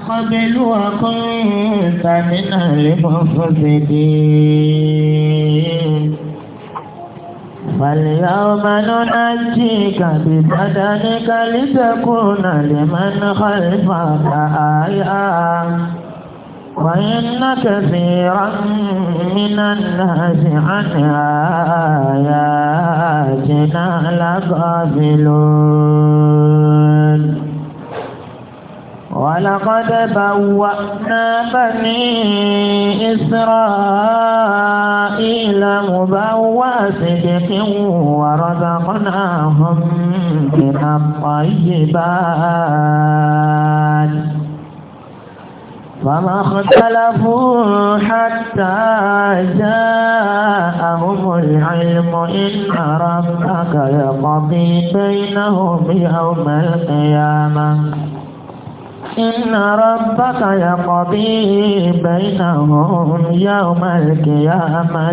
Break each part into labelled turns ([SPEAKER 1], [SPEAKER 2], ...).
[SPEAKER 1] قبل وكنت من المفسدين فاليوم ننجيك ببدنك لتكون لمن خلفك آية وإن كثيرا من الناس عن آياتنا لغافلون ولقد بوأنا بني إسرائيل مبوى صدق ورزقناهم من الطيبات فما اختلفوا حتى جاءهم العلم إن ربك يقضي بينهم يوم القيامة إن ربك يقضي بينهم يوم القيامة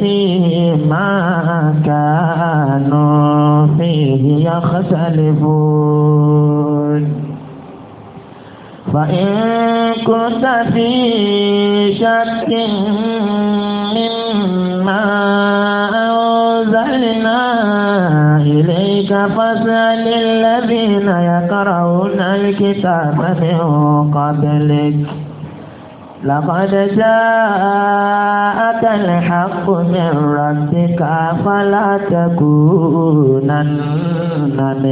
[SPEAKER 1] فيما كانوا فيه يختلفون فإن كنت في شك مما أو أنزلنا إليك فاسأل الذين يقرؤون الكتاب من قبلك لقد جاءك الحق من ربك فلا تكونن من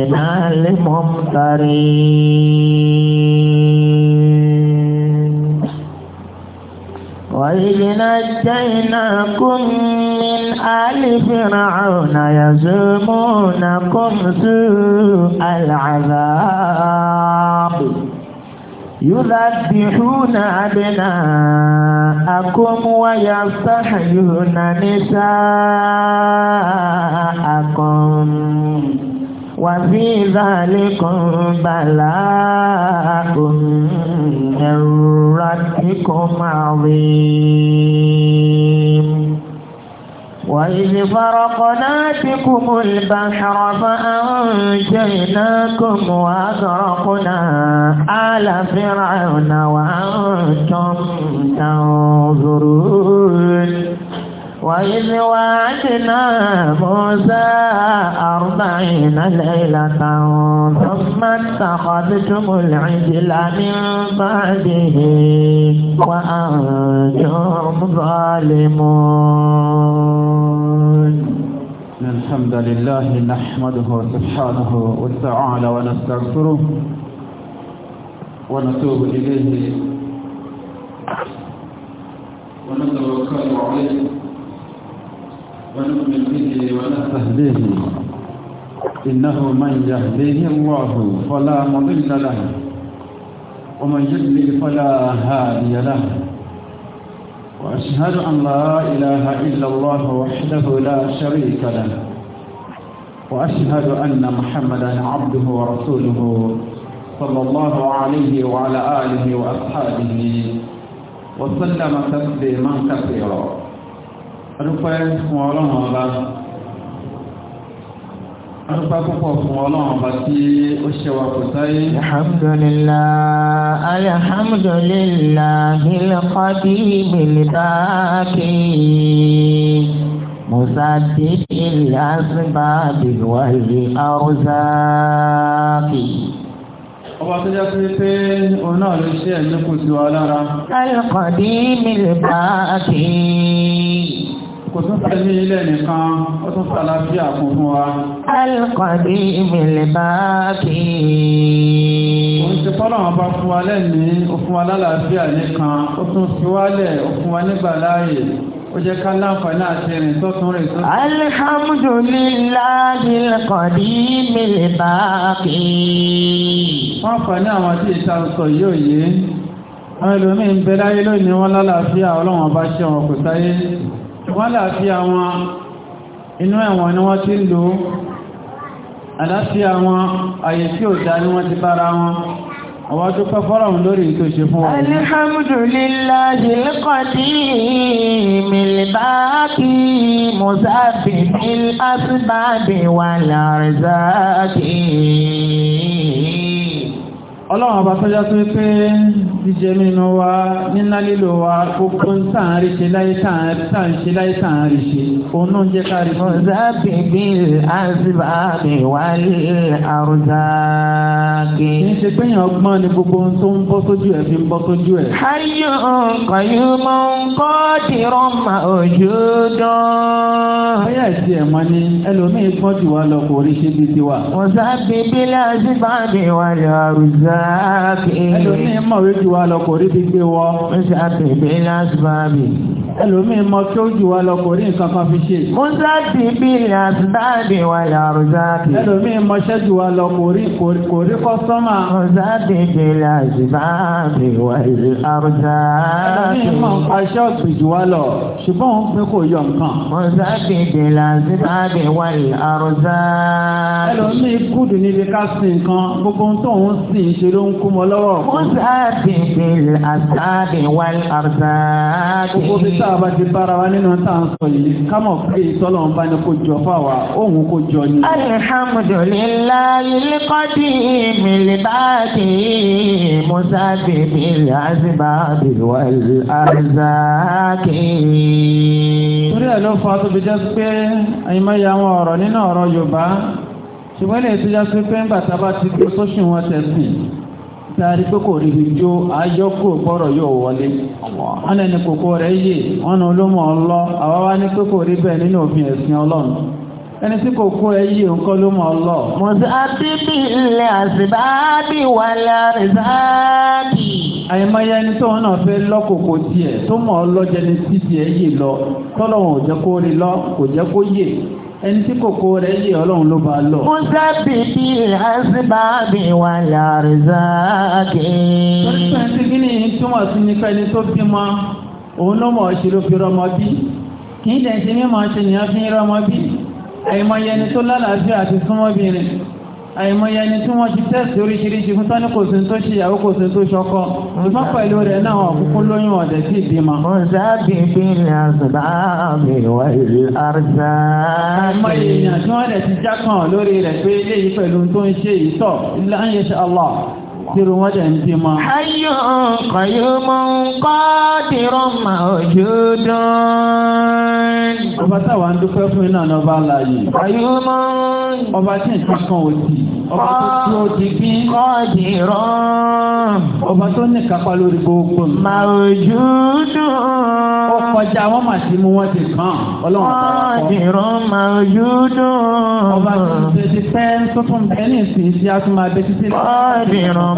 [SPEAKER 1] الممترين وإذ نجيناكم من آل فرعون يزومونكم سوء العذاب يذبحون أبناءكم ويستحيون نساءكم وفي ذلك بلاء من ربكم عظيم وإذ فرقنا بكم البحر فأنجيناكم وأغرقنا آل فرعون وأنتم تنظرون وإذ وعدنا موسى أربعين ليلة ثم اتخذتم العجل من بعده وأنتم
[SPEAKER 2] ظالمون الحمد لله نحمده سبحانه وتعالى ونستغفره ونتوب إليه ونتوكل عليه ونؤمن به ونفه إنه من يهديه الله فلا مضل له ومن يضلل فلا هادي له وأشهد أن لا إله إلا الله وحده لا شريك له وأشهد أن محمدا عبده ورسوله صلى الله عليه وعلى آله وأصحابه وسلم تسليما كثيرا adúpẹ́ fún ọlọ́run ọba adúpẹ́ púpọ̀ fún ọlọ́run ọba tí ó ṣe wà kò sáyé. alhamdulilah
[SPEAKER 1] alhamdulilah ilẹ̀kọ́dí ìgbìlìbáàkì musaddiq ilẹ̀-asibáàbì wàlẹ̀
[SPEAKER 2] arúzáàkì. Ọba tó jẹ́ pé pé òun náà ló ṣe ẹ̀mí kò sí wa lára.
[SPEAKER 1] Alqadim al-baqi
[SPEAKER 2] kò tún fẹ́ ní ilé nìkan ó tún fà láfíà kún fún wa.
[SPEAKER 1] alkọ̀dé
[SPEAKER 2] ìmìlẹ̀ bá kì í. òun ti fọ́nà wọn bá fún wa lẹ́ni ó fún wa lálàáfíà nìkan ó tún fi wálẹ̀ ó fún wa nígbà láàyè ó jẹ́ ká láǹfààní àti ẹ̀rìn tó tún rè tó.
[SPEAKER 1] alhamdulillahi alkọ̀dé
[SPEAKER 2] ìmìlẹ̀ bá kì í. wọ́n fà ní àwọn tí ìta sọ yóò yé àwọn ẹlòmíín bẹ láyé lónìí wọn lálàáfíà ọlọ́wọ́n bá ṣe wọn kò sáyé wọ́n láàáfíà wọn inú ẹ̀wọ̀n ni wọ́n ti ń lò àlàáfíà wọn àyè tí ò dá ní wọ́n ti bára wọn àwọn adúpẹ́ fọ́lọ̀hún lórí tó ṣe fún wọn. alihamudulilayi
[SPEAKER 1] lẹ́kọ̀ọ́dí milibaki musabi mil
[SPEAKER 2] ọlọ́run ọba tọ́já tó pé jíjẹ nínú wa níná lílo wa gbogbo ń tàn rí ṣe láyé tàn ṣe láyé tàn rí ṣe òun náà jẹ́ ká rí fún un. ọ̀sáàbì bí àzìbáàbì wálé àrùsáàkì. kì í ṣe pé èèyàn gbọ́n ni gbogbo ohun tó ń bọ́ sójú ẹ̀ fi ń bọ́ sójú ẹ̀.
[SPEAKER 1] ayò kọ̀yù
[SPEAKER 2] mọ kọ́ dìrọ̀ mà òjò dán. bóyá ìdí ẹ̀ mọ́ ni ẹlòmíín gbọ́n jù lọ kò rí ṣe bí tiwa.
[SPEAKER 1] ọ̀sáàbì asibaabi. ẹlòmíín mọ̀wé
[SPEAKER 2] ju wa lọ kò rí bí gbé wọ. min ṣe àtẹ̀bí lásìbáàbì ẹlòmíì mọ tó jù wá lọ kò rí nǹkan kan fi ṣe. musa ti bí àtúbàdì wà yàrá záàkì. ẹlòmíì mọṣẹ́ jù wá lọ kò rí kò rí kọ́sọ́mà. musa ti bí àtúbàdì wà yàrá záàkì. ẹlòmíì mọ nǹkan ṣọ́ọ̀bù jù wá lọ ṣùgbọ́n òun pé kò yọ nǹkan. musa ti bí àtúbàdì wà yàrá záàkì. ẹlòmíì kúdù níbi ká sin nǹkan gbogbo ohun tó ń sìn ṣe ló ń kú mọ lọ́wọ́. musa ti bí àtúbàdì wà yàrá záàkì táà bá ti bára wa nínú táà ń sọ yìí kámọ̀ pé ìtọ́lọ̀ ń bá ní kó jọ fáwa òun kó jọ ni. alhamdulillahi
[SPEAKER 1] alqadim libati musabibi azibabi wal arzaki.
[SPEAKER 2] torí ẹ̀ ló fa tó fi jẹ́ pé àyìnmáyé àwọn ọ̀rọ̀ nínú ọ̀rọ̀ yorùbá ṣùgbọ́n ilé ìtújá sí pé ń bàtà bá ti gbé sóṣù wọn tẹ̀sìn tààrí pé kò rí ìjó àjọkò gbọ́rọ̀ yóò wọlé wọn ẹni kòkó rẹ̀ yé wọn olómọ̀ ọlọ́ àwọn wá ní pé kò rí bẹ́ẹ̀ nínú òfin ẹ̀sìn ọlọ́run ẹni tí kò kó ẹyí nǹkan ló mọ lọ. mùsàbí bí ilẹ̀ àṣìbáàbí wà lárìsáàbí. àìmọye ẹni tó náà fẹ́ lọ́kòkò tiẹ̀ tó mọ̀ ọ́ títí ẹ̀ yé lọ tọ́lọ́wọ̀n ò jẹ́ kó rí lọ kò jẹ́ kó yé ẹni tí kòkó rẹ̀ yé ọlọ́run ló bá lọ. musa
[SPEAKER 1] bìbí hasibaabi wà lárìsáàkì. pẹ̀lú ẹni tí
[SPEAKER 2] kíni túmọ̀ sí ní pẹ́ni tó bímọ òun ló mọ̀ ṣòro fi rọmọ bí kì í dẹ̀ mímọ̀ ṣe nìyẹn fi rọmọ bí àìmọye ẹni tó lálàáfíà àti súnmọ́bìnrin àìmọye ẹni tí wọ́n ti tẹ́sì oríṣiríṣi fún tání kò sí tó ṣe ìyàwó kò sí tó ṣọkọ ṣùgbọ́n pẹ̀lú rẹ̀ náà ọ̀kúnkún lóyún ọ̀dẹ̀ sí ìbímọ. mọ̀sáàbì bí ní àṣàbàmì wà ìlú àrùsá. àìmọye èèyàn tí wọ́n rẹ̀ ti já kàn lórí rẹ̀ pé eléyìí pẹ̀lú tó ń ṣe ìtọ̀ láyé Tírú wọ́n dẹ̀ ń mọ́. Ayọ̀ kọ̀yọ́ mọ́ ń kọ́ dìrọ̀ mà òjò dán. Ọba táwa ń dúpẹ́ fún iná ní ọba láàyè. Ayọ̀ mọ́. Ọba tí nǹkan kan ò Ọba tó tí ti bí. Kọ́ dìrọ̀. Ọba tó ní kápá lórí gbogbo. Mà òjò dán. Ó kọjá wọ́n mà sí mú wọ́n ti
[SPEAKER 1] kàn. Ọlọ́run tó wà kọ́. Kọ́ dìrọ̀ mà òjò dán. Ọba tó ti pẹ́ tó bẹ́ẹ̀ ní ìsìn tí a tún máa bẹ́ títí.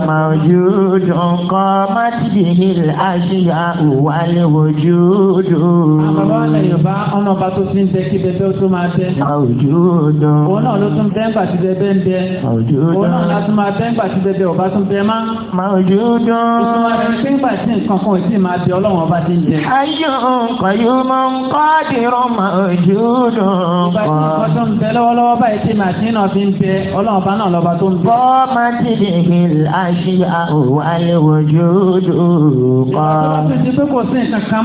[SPEAKER 1] موجود قامت
[SPEAKER 2] به الأشياء والوجود موجود موجود حي قيوم قادر موجود قامت به الأشياء ṣe àwọn àlewọ̀jú dùn kọ́. ìgbà tó ti di sí nǹkan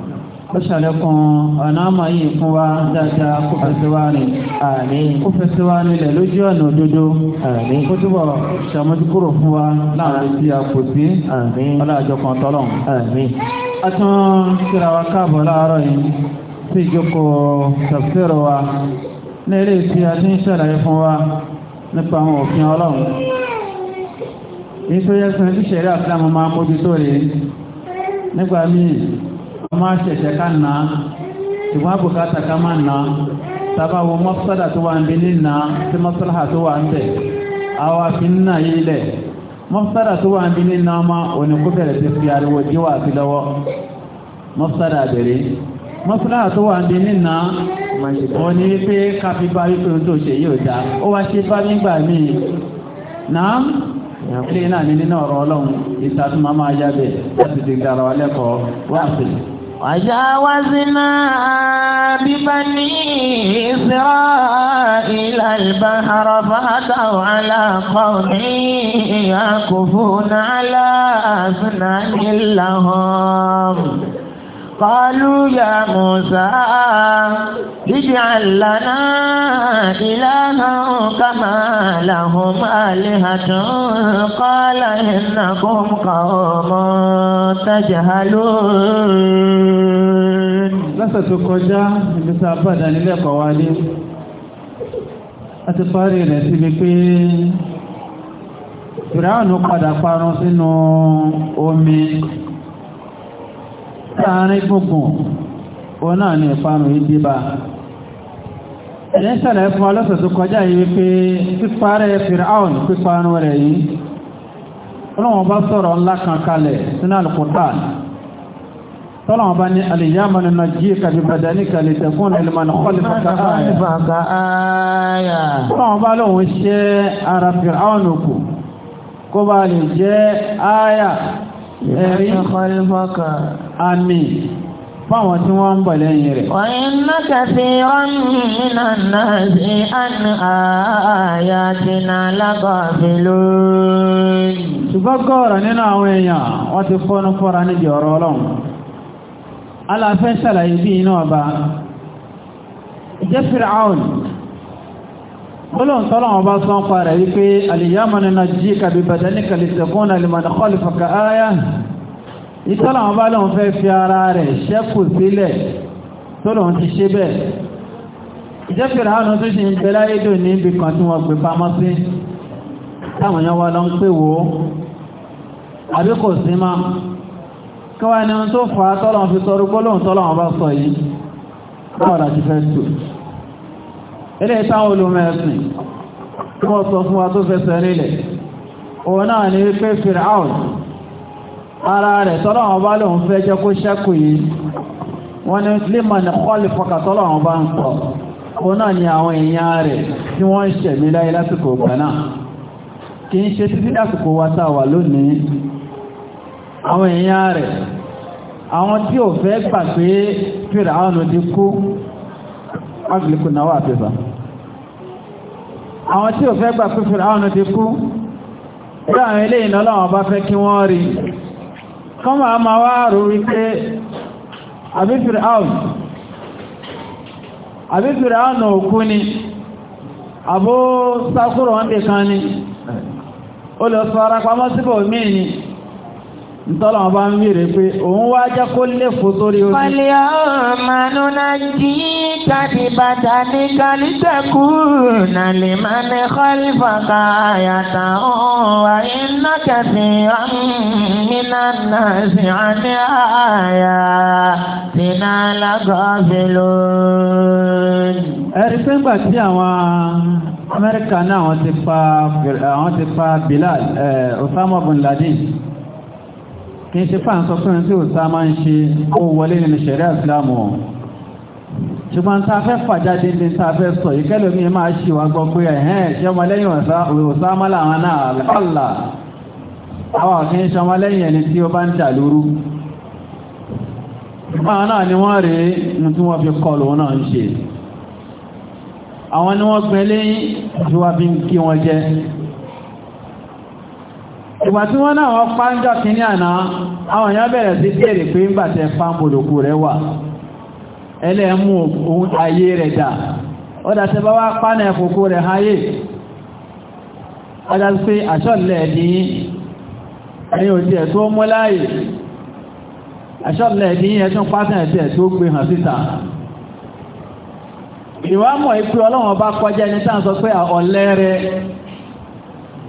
[SPEAKER 2] kọ́ṣàlẹ́kùn ọ̀nà àmà yìí fún wa dáadáa kó fẹsẹ̀ wá rìn àmín kó fẹsẹ̀ wá nílẹ̀ lójú ọ̀nà òdodo àmín kó túbọ̀ ṣàmójúkúrò fún wa láàrin sí àpòsí àmín ọlọ́àjọkan tọ́lọ̀ àmín. a tún kíra wa káàbọ̀ láàárọ̀ yìí sí ìjókòó tafsir wa ní ilé tí a ti ń ṣàlàyé fún wa nípa àwọn òfin ọlọ́run
[SPEAKER 3] èyí tó yẹ sọ ní ṣẹ̀rí
[SPEAKER 2] àfihàn máa mójútó rèé nígbà míì má ṣẹ̀ṣẹ̀ ká na á ṣùgbọ́n àbùkátà ká má nà á sábà wo mọ́sálà tó wà ń bí nínà tí mọ́sálà tó wà ń bẹ̀ àwọn àfin náà yí lẹ̀ mọ́sálà tó wà ń bí nínà ọmọ òní kó bẹ̀rẹ̀ ti fi ariwo díwà sí lọ́wọ́ mọ́sálà àbẹ̀rẹ̀ mọ́sálà tó wà ń bí nínà òní pé káfí bá wípé ohun tó ṣe yóò dá ó wá ṣe bá nígbà míì náà ilé náà ní nínú ọ̀rọ̀ ọlọ́run ìtàtúmọ̀ máa yá bẹ̀ ti gara wa lẹ́kọ̀ọ́ wá sí وجاوزنا ببني
[SPEAKER 1] إسرائيل البحر فأتوا على قوم يقفون على أسنان لهم قالوا يا موسى اجعل لنا إلها كما لهم آلهة قال إنكم قوم
[SPEAKER 2] تجهلون lọ́sẹ̀ tó kọjá ibi tá a bá ìdánilẹ́kọ̀ọ́ wa dé a ti parí rẹ̀ síbi pé
[SPEAKER 3] fìràánù padà
[SPEAKER 2] parun sínú omi láàrin gbùngbùn òun náà ni ìparun yìí débà ẹ̀yẹ́ sẹ̀lẹ̀ fún ọlọ́sẹ̀ tó kọjá yìí pé píparẹ́ fìràánù píparun rẹ̀ yìí ọlọ́wọ́n bá sọ̀rọ̀ ńlá kan kalẹ̀ sínú alukutan tọ́lọ́wọ́n bá ní alìyáma ní nàjí kàbí bàdání kàlẹ̀ tẹ̀kún ẹlẹ́mà ní kọ́lífà ká áyà tọ́lọ́wọ́n bá lóun fáwọn tí wọ́n ń bọ̀ lẹ́yìn rẹ̀. wa
[SPEAKER 1] inna kathiran minan nasi an ayatina
[SPEAKER 2] lagafilun. ṣùgbọ́n gọ́ọ̀rọ̀ nínú àwọn èèyàn wọ́n ti fọ́nú fọ́ra níbi ọ̀rọ̀ ọlọ́run aláfẹ́ ṣàlàyé bí iná ọba jẹ́ Fir'aun Ọlọ́run tọ́lọ́ wọn rẹ̀ wípé al-yawma nunajjika bi badanika litakuna ìtọ́lá wọn bá lóun fẹ́ fi ara rẹ̀ ṣẹ́kù sílẹ̀ tó lóun ti ṣe bẹ́ẹ̀ ìjẹ́fẹ̀rẹ̀ àwọn tó ṣe ń bẹ láyé dò ní ibi kan tí wọ́n gbé pamọ́ sí táwọn èèyàn wa lọ ń pè wò ó àbí kò sí máa kí wá ní tó fà á tọ́lọ̀ fi sọ rúgbọ́ lóhun tọ́lọ̀ wọn bá sọ yìí báwọn àti fẹ́ tó ilé ìtàwọn olùmẹ̀ẹ̀sìn tí wọ́n sọ fún wa tó ara rẹ̀ tọ́lọ́wọ́n bá lòun fẹ́ jẹ́ kó ṣẹ́kù yìí wọ́n ní lèmọ̀n kọ́lì fọ́kà tọ́lọ́wọ́n bá ń pọ̀ òun náà ni àwọn èèyàn rẹ̀ tí wọ́n ń ṣẹ̀mí láyé lásìkò ọgbà náà kì í ṣe títí lásìkò wata wà lónìí àwọn tí ò fẹ́ gbà pé fèrè àwọn òdi kú láàrin ilé ìnáwó àwọn bá fẹ́ kí wọ́n rí kama a wike abifir rò abifir àbí Fir'aun àbí Fir'aun òkú ni àbó sákúrò wọ́n dé ara pamọ́ síbò míì ntọ́lọ̀ wọn bá ń wíre pé òun wá jẹ́ kó léfò sórí omi. wàlẹ̀ ọmọ nuna jí káàdì
[SPEAKER 1] bàtà ní kálítẹ̀kù nàlẹ́ máa ní kọ́lífà káyàtà ọ̀wà iná kẹfì ọ̀mìnà
[SPEAKER 2] Amẹ́ríkà náà wọ́n ti pa Bilal eh, Osama bin Laden kì í ṣe fáà sọ fún tí ó sá máa ń ṣe ó wọlé nínú ṣẹ̀rẹ́ ìsìlámù ọ̀ ṣùgbọ́n tá a fẹ́ fàjáde ní tá a fẹ́ sọ ìkẹ́lòmí máa ṣì wá gbọ́ pé ẹ̀hẹ́n ṣọmọlẹ́yìn òsámọ́ làwọn náà àlá àwọn kì í ṣọmọlẹ́yìn ẹni tí ó bá ń dà lóru báwọn náà ni wọ́n rí ní tí wọ́n fi kọlù wọn náà ń ṣe àwọn ni wọ́n gbẹ́lẹ́yìn tí wọ́n ìgbà tí wọ́n náà wọ́n pánjọ́ kìíní àná àwọn èèyàn bẹ̀rẹ̀ sí bèèrè pé ń gbàtẹ̀ fáńbòlòkù rẹ̀ wà mú ohun ayé rẹ̀ dà ọdá wá pánà ẹ̀kùnkú rẹ̀ háyé ọjá pé àṣọ́lẹ̀ ní òjì ẹ̀ tó láàyè àṣọ́lẹ̀ ní pé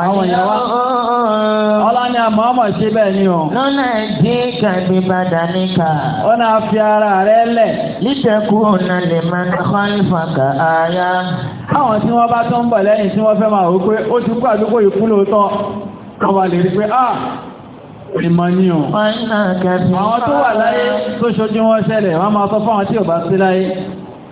[SPEAKER 2] àwọn ìyàwó ọlá ni àmọ́ ọmọ ṣe bẹ́ẹ̀ ni o. lọ́nà ìdí kàbí bàdà níkà. ó náà fi ara rẹ̀ lẹ̀. lítẹ̀kù ọ̀nà lè máa ń kọ́lífà kà áyá. àwọn tí wọ́n bá tó ń bọ̀ lẹ́yìn tí wọ́n fẹ́ máa wò pé ó ti kú àdúgbò ìkú lóòótọ́ wọ́n wà lè rí pé ah ìmọ̀ ni o. àwọn tó wà láyé tó ṣojú wọn ṣẹlẹ̀ wọ́n máa sọ fún àwọn tí ò bá sí láyé.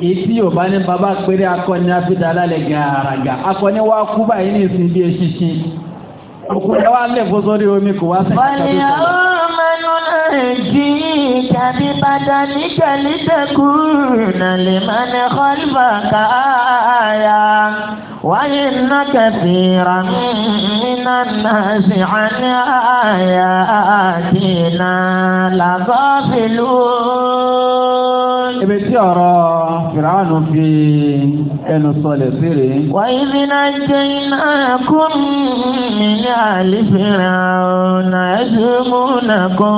[SPEAKER 2] èyí yóò bá ní bàbá péré akọni afidala lẹ gàràgà akọni wa kú báyìí ní ìsìn bí eṣinṣin òkú ẹ wá lẹ fọ sórí omi kò wá sẹ́yìn tàbí
[SPEAKER 3] sọlá. ọmọnú náà
[SPEAKER 1] jí tàbí padà ní kẹlídẹkù náà lè má ní kọlífà káàyà wáyé náà kẹfì ramínà náà sì hàní àyà àdínà
[SPEAKER 2] làbọ́ fìlú. ibi tí ọ̀rọ̀ fìràánù fi ẹnu sọlẹ̀ fèrè. wà
[SPEAKER 1] ibi náà jẹ́ iná kó mi ní àlìfìràánù ẹ̀sùn múnà kan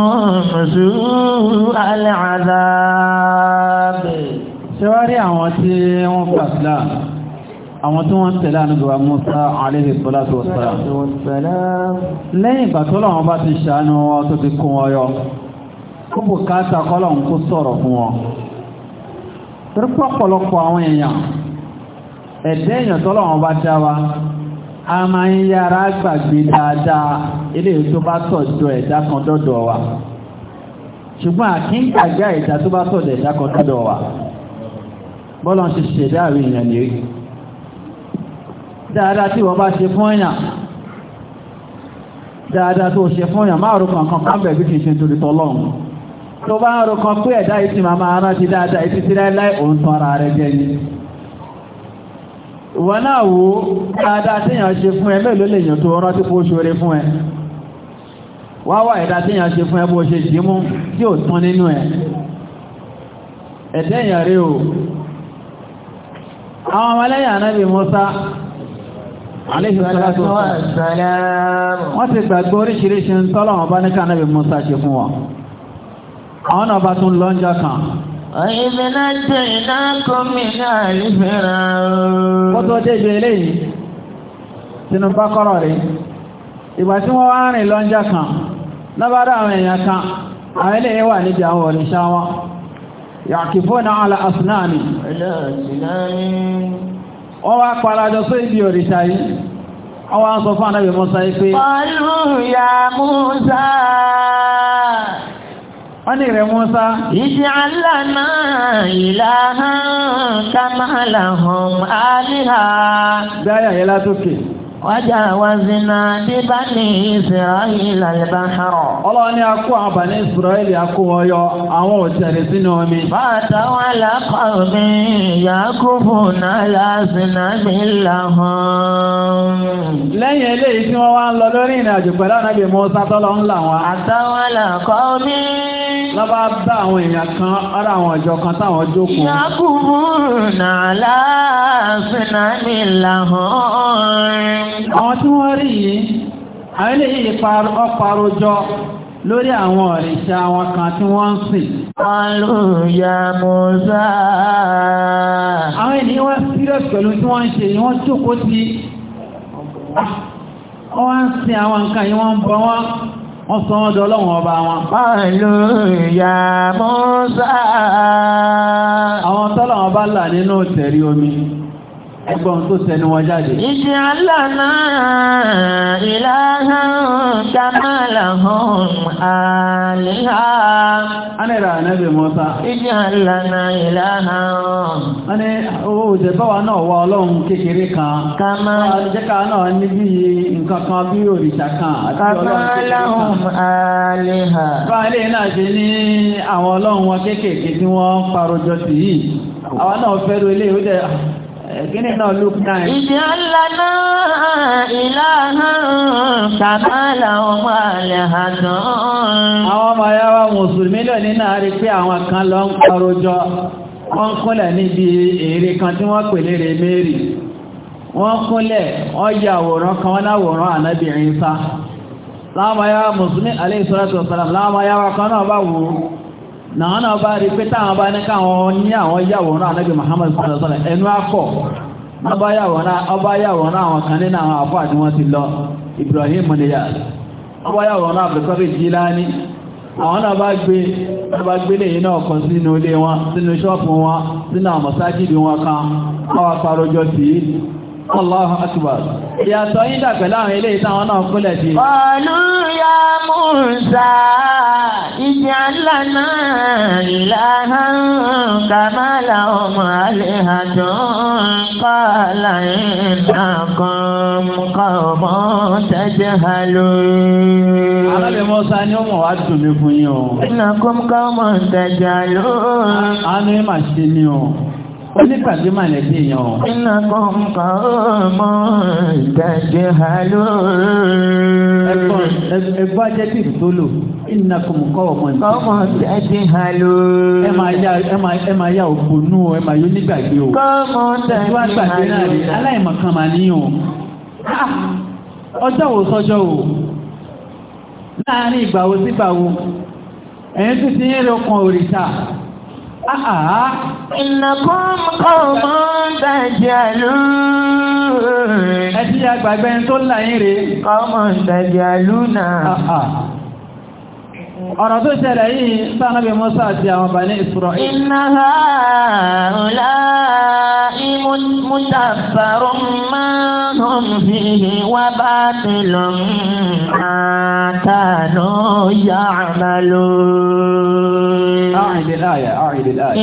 [SPEAKER 2] mọ̀sù alẹ́ àdá. ṣé wàá rí àwọn tí wọ́n pàṣẹ àwọn tí wọ́n tẹ̀lé ànúgbà Musa alayhi salatu wassalam lẹ́yìn ìgbà tó bá ti ṣàánú wọn tó ti kún ọyọ́ kó bùkátà kọ́lọ̀ ń kó sọ̀rọ̀ fún wọn torípọ̀ ọ̀pọ̀lọpọ̀ àwọn èèyàn ẹ̀dẹ́ èèyàn tọ́lọ̀wọ́n bá dá wa a máa ń yára gbàgbé dáadáa ilé tó bá tọ̀dọ̀ ẹ̀dá kan dọ́dọ̀ wa ṣùgbọ́n àkíńgbàgbé ẹ̀dá tó bá tọ̀dọ̀ ẹ̀dá kan dọ́dọ̀ wa bọ́lọ̀ ṣe ṣẹ̀dá àwọn èèyàn ní rí dáadáa tí wọ́n bá ṣe fún èèyàn dáadáa tó ṣe fún èèyàn máa rò kankan kan bẹ̀ tó bá ń rokan pé ẹ̀dá yìí ti máa rántí dáadáa ìtí sí láíláí òun tán ara rẹ̀ jẹ́ ni ìwọ náà wo dáadáa téèyàn ṣe fún ẹ mélòó lèèyàn tó rántí kó ṣoore fún ẹ wá wá ẹ̀dá téèyàn ṣe fún ẹ bó ṣe dì mú tí ò tán nínú ẹ ẹ̀dẹ́yàn rí o àwọn ọmọlẹ́yìn ànábì Mùsá wọ́n ti gbàgbọ́ oríṣiríṣi ń tọ́lọ̀ wọn ní ká ànábì ṣe fún wọn àwọn náà bá tún lọ́njà kan. Ìbí náà jẹ́ iná kọ́mí náà lè fẹ́ràn ooo. Wọ́n tó dé bakọrọ eléyìí sínú bákọ́rọ̀ rí. Ìgbà tí wọ́n wá rìn lọ́njà kan, lábára àwọn èèyàn kan, àwọn eléyìí wà níbi àwọn òrìṣà wọn. Yàkìfọ́nà àlà ala Wọ́n wá parajọ sí ibi òrìṣà yìí. Wọ́n wá sọ fún ànábì Mùsá yìí pé. Ọlú ya Mùsá.
[SPEAKER 1] Ani rẹ̀ Musa. Ìjàlánà ìlàhàn kàmàlà hàn áníhà. Dáyà yẹn látòkè. وجاوزنا ببني إسرائيل البحر ọlọ́run ni a kó àwọn bàní ìsìráìlì akó wọn yọ àwọn òtẹ̀rẹ̀ sínú omi. bàtà wà lápá
[SPEAKER 2] yakubu náà lásìnà mi làhán. lẹ́yìn wọ́n wá ń lọ lórí
[SPEAKER 1] pẹ̀lú àwọn tí wọ́n
[SPEAKER 2] rí yìí àwọn eléyìí ọparojọ lórí àwọn òrìṣà wọn kan tí wọ́n ń sìn. Àlùyà Mùsà. Àwọn ènìyàn wá serious pẹ̀lú tí wọ́n ń ṣe yìí jókòó sí. Wọ́n ń sin àwọn nǹkan yìí wọ́n ń bọ wọ́n wọ́n sọ wọ́n jọ lọ́wọ́n ọba wọn. Àlùyà Mùsà. Àwọn tọ́lọ̀ wọn bá là nínú tẹ̀rí omi ẹgbọ́n tó sẹnu wọn jáde. ìṣe aláàmà
[SPEAKER 1] ìlànà kàmàlàhùn àlìhà.
[SPEAKER 2] anẹ́rà anẹ́bì mọ́ta. ìṣe aláàmà ìlànà. wọ́n ní owó òjẹ̀ báwa náà wá ọlọ́run kékeré kan. kàmà. jẹ́ka náà níbi nǹkan kan bí òrìṣà kan àti ọlọ́run kékeré kan. kàmàlàhùn àlìhà. báyìí náà ṣe ní àwọn ọlọ́run wọn kéékèèké tí wọ́n parojọ sí yìí. àwa náà fẹ́ Gíní náà Luke nine. Ìdí
[SPEAKER 1] ńlá náà ìlànà
[SPEAKER 2] kàmálà ọmọ àlẹ́ àná. Àwọn ọmọ ayá wa Mùsùlùmí ní náà rí pé àwọn kan lọ ń Wọ́n kúnlẹ̀ níbi èrè kan tí wọ́n pè lérè Mary. Wọ́n kúnlẹ̀ àwòrán kan wọ́n na náà bá rí pé táwọn bá ní káwọn ní àwọn yàwòrán anábì Muhammad sallallahu alaihi wasallam ẹnu akọ ọba yàwòrán ọba yàwòrán àwọn kan nínú àwọn àfọ àti wọn ti lọ Ibrahim nìyà ọba yàwòrán Abdulkadir Jilani àwọn náà bá gbé ọba gbélé yìí náà Allahu akbar. Ìyàtọ̀ yín dà pẹ̀lú àwọn ilé ìtàwọn náà kúlẹ̀ sí.
[SPEAKER 1] Ọ̀nà ya Mùsà, ìjì àlànà ìlànà kàmàlà ọmọ àlèhàjọ́ kọ́là ìdàkan kọ́ ọmọ
[SPEAKER 2] tẹ́jẹ́ halò. Àlọ́lẹ̀ Mọ́sá ni ó mọ̀ wá dùn mí fún yín o. Ìnàkó kọ́ ọmọ tẹ́jẹ́ halò. Àánú yín mà ṣe ni o onípàdé mà lẹ́sí èèyàn o. iná kan kà ó mọ ìdájẹ́ halo. ẹ̀gbọ́n ajẹ́tì tó lò iná kan kọ́ ọmọ ìdájẹ́. ọmọ ìdájẹ́ halo. ẹ máa yá ògbónú ẹ máa yọ nígbàgbé o. kọ́mọ ìdájẹ́ halo. ìwà àgbàdo náà rí aláìmọ̀kan máa níyàn. Ah, ọjọ́ wo sọ́jọ́ o láàárín ìgbà wo sígbà wo ẹ̀yin tún ti yín lọ́kàn òrìṣà. Ìnàkún kọ̀ọ̀mọ́ dàjà ló. Ẹ ti àgbàgbẹ́ tó láyé rè.
[SPEAKER 1] Kọ̀ọ̀mọ́ dàjà ló náà ọ̀rọ̀ tó ṣẹlẹ̀
[SPEAKER 2] yìí sáàbì Musa àti àwọn Bani Isra'il. inna ha'ula'i
[SPEAKER 1] mudabbarun ma hum fihi wa batilun ma kanu ya'malun. a'id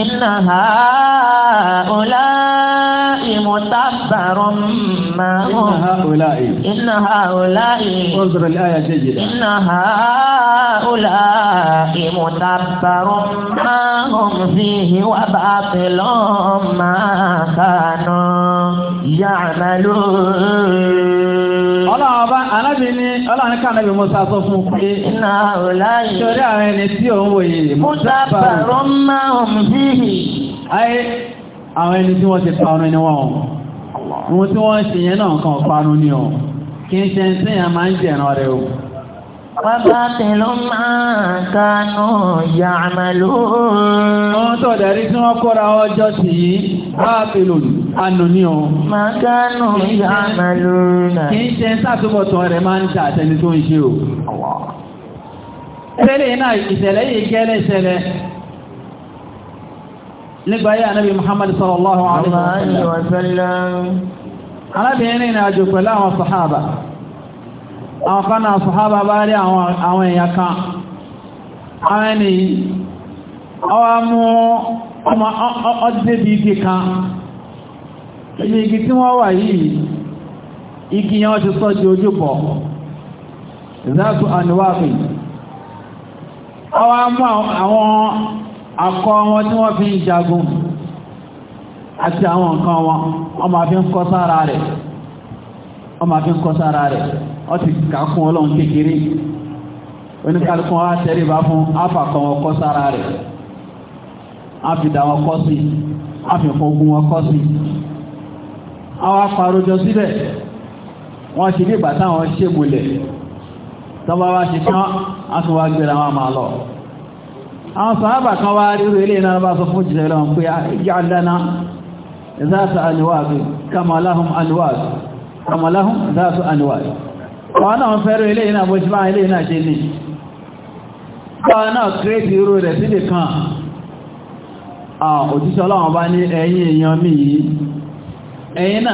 [SPEAKER 1] inna ha'ula'i mudabbarun. ما هم إن هؤلاء انظر الآية جيدا إن هؤلاء متبر ما هم فيه وباطل ما كانوا يعملون ọlọ́ọ̀bá
[SPEAKER 2] anábì ní ọlọ́ọ̀nìkà náà bí musa sọ fún pé iná ọ̀láyé torí àwọn ẹni tí òun wòye musa bàrọ̀ máa ń bí i. ayé àwọn ẹni tí wọ́n ti pa ọ̀run ẹni wọ́n ohun tí wọ́n ń ṣe yẹn náà kan parun ni o kí n ṣe ń sìn yẹn máa ń jẹ̀ràn rẹ o.
[SPEAKER 1] Wábátìlú máa kánú
[SPEAKER 2] yàmàlú. Wọ́n tó dẹ̀rí tí wọ́n kóra ọjọ́ sí yìí, báàbìlù ànú ní o. Máa kánú yàmàlú náà. Kì í ṣe sátúbọ̀tán rẹ̀ máa ń jà àtẹni tó ń ṣe o. Tẹ́lẹ̀ náà ìṣẹ̀lẹ̀ yìí gẹ́lẹ́ ìṣẹ̀lẹ̀. nígbà yá anábì muhammad sallallahu alaihi wa sallam arábìnrin ní àjò pẹ̀lú àwọn sàhábà àwọn kan náà bá rí àwọn èèyàn kan àwọn ẹni ọwá mú ọmọ ọdẹ́bí igi kan ilé igi tí wọ́n wà yìí igi yẹn wọ́n ti sọ di ojúbọ zaatu anwafi ọwá mú àwọn akọ wọn tí wọ́n fi ń jagun àti àwọn nǹkan wọn máa fi ń kọ́ sára rẹ̀ máa fi ń kọ́ sára ti kà fún ọlọ́run kékeré oníkàlùkù wọn á tẹríba fún áfàkọ wọn kọ sára rẹ̀ á fi dà wọn sí fi fún ogun wọn sí àwọn síbẹ̀ ti lọ. àwọn sàábà kan wá rírò ilé náà bá sọ fún jìnà lọ pé ìjàlẹ́nà záàtà àníwáàdù kàmàláhùn àníwáàdù kàmàláhùn záàtà àníwáàdù wọn náà fẹ́rẹ̀ ilé náà bó ṣe bá ilé náà ṣe ní wọn náà kírètì irú rẹ̀ sílẹ̀ kan òjíṣẹ́ ọlọ́wọ́n bá ní ẹ̀yin èèyàn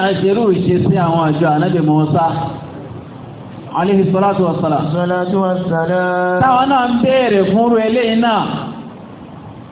[SPEAKER 2] táwọn náà ń béèrè fún rú eléyìí náà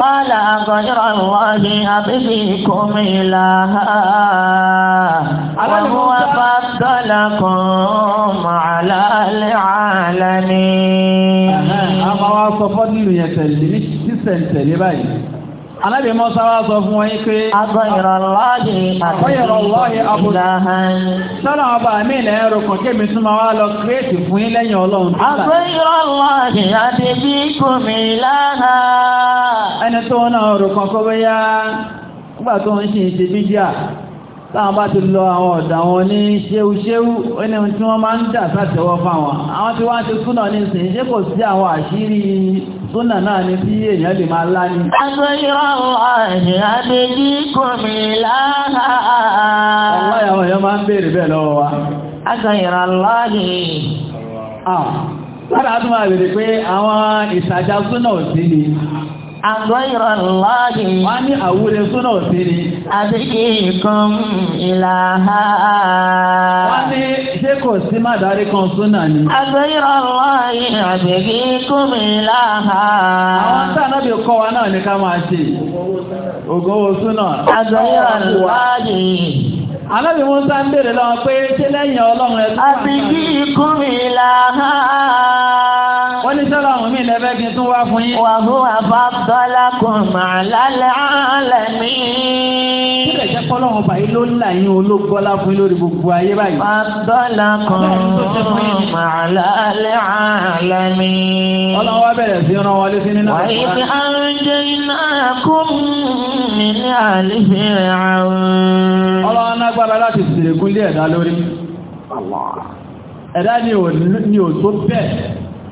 [SPEAKER 1] قال أغير الله أبغيكم إلها وهو
[SPEAKER 2] فضلكم على العالمين أما وصفضل يتلني تسنتلي باي Alábì Mọ́sá wá sọ fún wọ́nyí pé, Agbọ́yìnrọ̀lọ́yì àgbọ́yìnrọ̀lọ́yì àbúdáhán. Sọ́nà ọba mi ilẹ̀ ẹ̀rọ kan kémi tún máa wá lọ kírètì fún yín lẹ́yìn Ọlọ́run.
[SPEAKER 1] Agbọ́yìnrọ̀lọ́yì àdébí kò mí láhàá
[SPEAKER 2] ẹni tó náà rò kan kọ́ bóyá nígbà tó ń ṣe ìṣe bídíà táwọn bá ti lọ àwọn ọ̀dọ̀ àwọn ní ṣéwúṣéwú ẹni tí wọ́n máa ń dà sátẹ̀wọ́ fáwọn àwọn tí wọ́n ti súnà ní ìsìn ṣé kò sí àwọn àṣírí súnà náà ní tí èèyàn lè máa lá ní. lára. ọ̀la àwọn ah, pé àwọn ìsàjà súnà ò sí ni. Azụ lọ́yìn. Wọ́n ní àwúrẹ́ súnà òsèré. Àti kí kan ìlàhà. Wọ́n ní ṣé sí má darí kan súnà ni. Àgbọ́yọ̀ lọ́yìn àti kí kan ìlàhà. Àwọn bí wa náà ní ká máa ṣe. Ògówó súnà. Àgbọ́yọ̀ lọ́yìn. Àlọ́bì mú sá ń bèèrè lọ pé lẹ́yìn ọlọ́run wọ́n ní sọ́lá àwọn
[SPEAKER 1] tún wá fún yín. wà fún àbá bọ́lá kò mà lálẹ́ àlẹ́ mi. kílẹ̀ jẹ́ kọ́lọ́hún báyìí ló ń là yín olóògbọ́lá fún yín lórí ayé báyìí. wà bọ́lá kò mà lálẹ́ àlẹ́ mi. ọlọ́run wá
[SPEAKER 2] bẹ̀rẹ̀ sí ran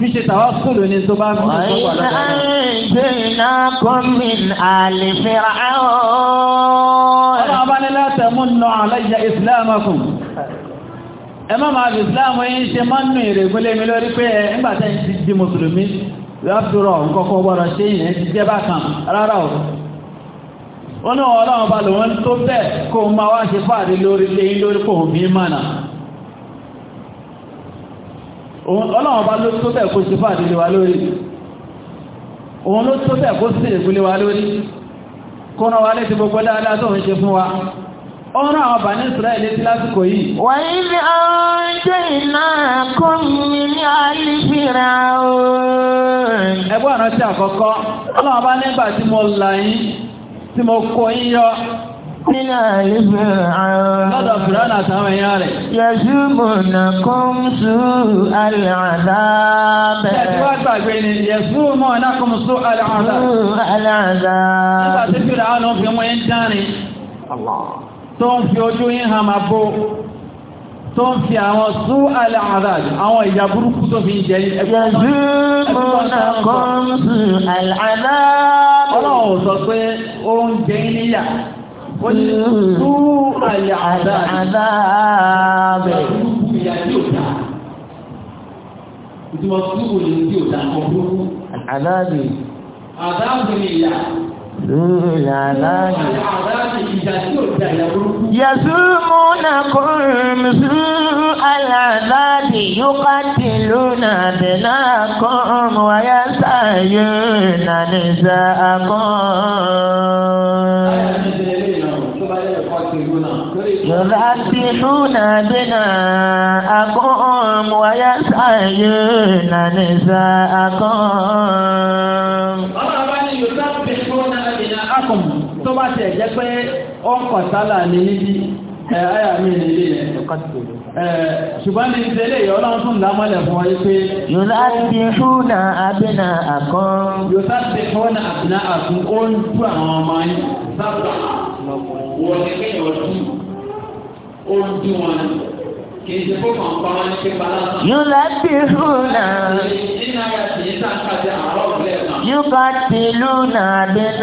[SPEAKER 2] ṣíṣe tàwa kúrò ní tó bá ń bọ̀ lọ́wọ́ lọ́wọ́. wọ́n iná kọ́mí àlèfẹ́ àwọn. ọlọ́run bá ní láti mú àlàyé ìsìláàmù kù. ẹ má máa fi ìsìláàmù yín ṣe máa ń nù ìrègúnlé mi lórí pé nígbà tẹ́ ń ti di mùsùlùmí lọ́dúnrọ̀ nǹkọ́kọ́ gbọ́dọ̀ ṣe ìyẹn ti jẹ́ bákan rárá o. wọ́n ní ọlọ́run bá lòun tó bẹ́ẹ̀ kó máa wá ṣe fáàrí lórí lórí ọlọ́wọ́n bá ló tó tẹ̀ kó sí wa lórí òun ló tó tẹ̀ kó gbogbo dáadáa tó ń ṣe fún wa ọ̀rọ̀ àwọn bàní Ísírẹ́lì tí lásìkò yìí wà
[SPEAKER 1] ní ọjọ́ iná kọ́mí ní alìfíra ooo
[SPEAKER 2] ẹgbọ́n ọ̀nà tí àkọ́kọ́ bá nígbà tí mo yín tí mo kọ yín yọ Nínú àlejò àwọn. Lọ́dọ̀ Fìránà àtàwọn èèyàn rẹ̀. Yẹ̀sù
[SPEAKER 1] mọ̀nà kún sú àlàdáàbẹ̀. Yẹ̀sù wá gbàgbé ni yẹ̀sù mọ̀nà kún sú àlàdáàbẹ̀. Àlàdáàbẹ̀. Nígbà tí Fìránà
[SPEAKER 2] fi mú yín dánrin. Tó ń fi ojú yín máa bó. Tó ń fi àwọn sú àlàdáàbẹ̀. Àwọn ìyà burúkú tó fi ń jẹ yín. Yẹ̀sù mọ̀nà kún
[SPEAKER 1] Sùúrù àdáàbẹ̀.
[SPEAKER 2] Ìtumọ̀ sùúrù ni tí ò dá ọdún. Àdáàbẹ̀. Àdáàbẹ̀ ni ìyá. Sùúrù àdáàbẹ̀. Àdáàbẹ̀ ìjà tí ò dá ìyá burúkú. Yasumuna kum suu
[SPEAKER 1] al'adhabi yuqatiluna abnaakum wa yasayuna nisaakum. يذبحون أبناءكم ويستحيون نساءكم.
[SPEAKER 2] يذبحون أبناءكم tó bá tẹ̀ jẹ́ pé ó ń kọ̀sálà ní níbi ẹ̀yà mi nílé ẹ̀ ṣùgbọ́n ní ìṣẹ́lẹ̀ ọlọ́run tún lámọ́lẹ̀ fún wáyé You ń dún
[SPEAKER 3] Luna?
[SPEAKER 1] You got the Luna, kàn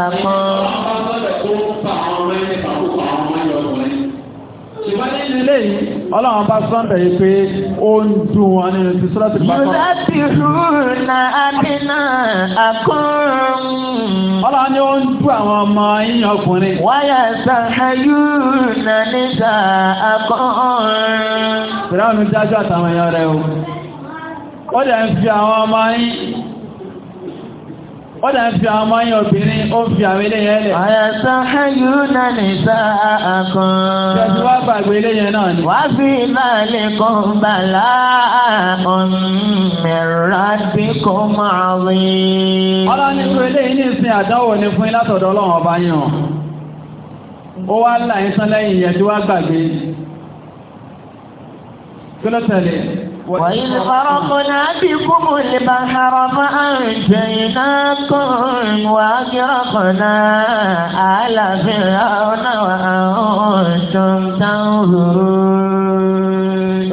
[SPEAKER 1] I'm wọn
[SPEAKER 2] ilé yìí ọlọ́run bá sọ́ndà yìí pé ó ń dùn wọn nínú ti sọ́dọ̀tì pàtó. yorùbá ti rúnà àdínà àkọ́rùn. ọlọ́run ni ó ń dùn àwọn ọmọ yíyan ọkùnrin. wáyà sàhàyù nà níta mi àtàwọn èèyàn o ó ń fi àwọn ọmọ yín. ó dà ń fi àwọn ọmọ yẹn obìnrin ó ń fi àwọn eléyẹn lẹ̀. àyàtọ̀ ayú náà ní sáà kan. ṣẹ́jú wá gbàgbé eléyẹn náà ni. wá sí ìbálẹ̀
[SPEAKER 1] kan máa ní ìsìn ni fún ọlọ́run
[SPEAKER 2] ọba ó wá sán lẹ́yìn gbàgbé. وإذ فرقنا
[SPEAKER 1] بكم البحر فأنجيناكم وأغرقنا آل فرعون وأنتم تنظرون.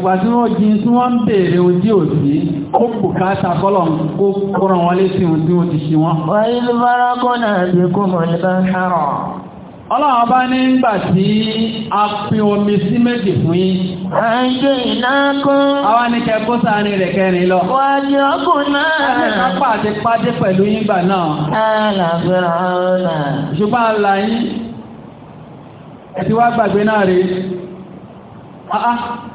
[SPEAKER 2] ìgbà tí wọ́n jí tí wọ́n ń béèrè ojú òsì ó bùkátà kọ́lọ̀ kó kóra wọn létí ohun tí wọ́n ti ṣe wọn. وإذ فرقنا بكم البحر ọlọ́run bá ní gbà tí a pín omi sí méjì fún yín. ẹ̀jẹ̀ ìnákún. àwa ní kẹ kó sáárín rẹ̀ kẹrin lọ. wájú ọkùn náà. ẹni kápá àti pàdé pẹ̀lú yín gbà náà. àlàfẹ́ra ọ̀nà. ṣùgbọ́n àlà yín ẹ ti wá gbàgbé náà rèé.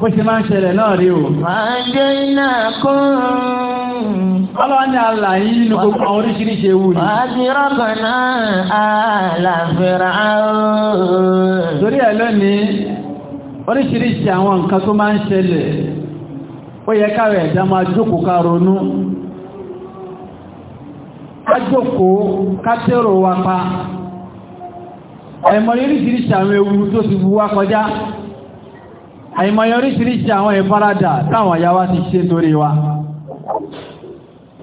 [SPEAKER 2] kó ṣe máa ń ṣẹlẹ̀ náà rí o. àjọ iná kún.
[SPEAKER 1] ọlọ́run ní àlàyé nínú gbogbo àwọn oríṣiríṣi ewu ni. àti rọ́bìnà
[SPEAKER 2] àlàfẹ́ra ooo. torí ẹ̀ lónìí oríṣiríṣi àwọn nǹkan tó máa ń ṣẹlẹ̀ ó yẹ káwẹ̀ ẹ̀dá máa jókòó ká ronú ká jókòó ewu tó ti àìmọye oríṣiríṣi àwọn ìfaradà táwọn àyàwá ti ṣe torí wa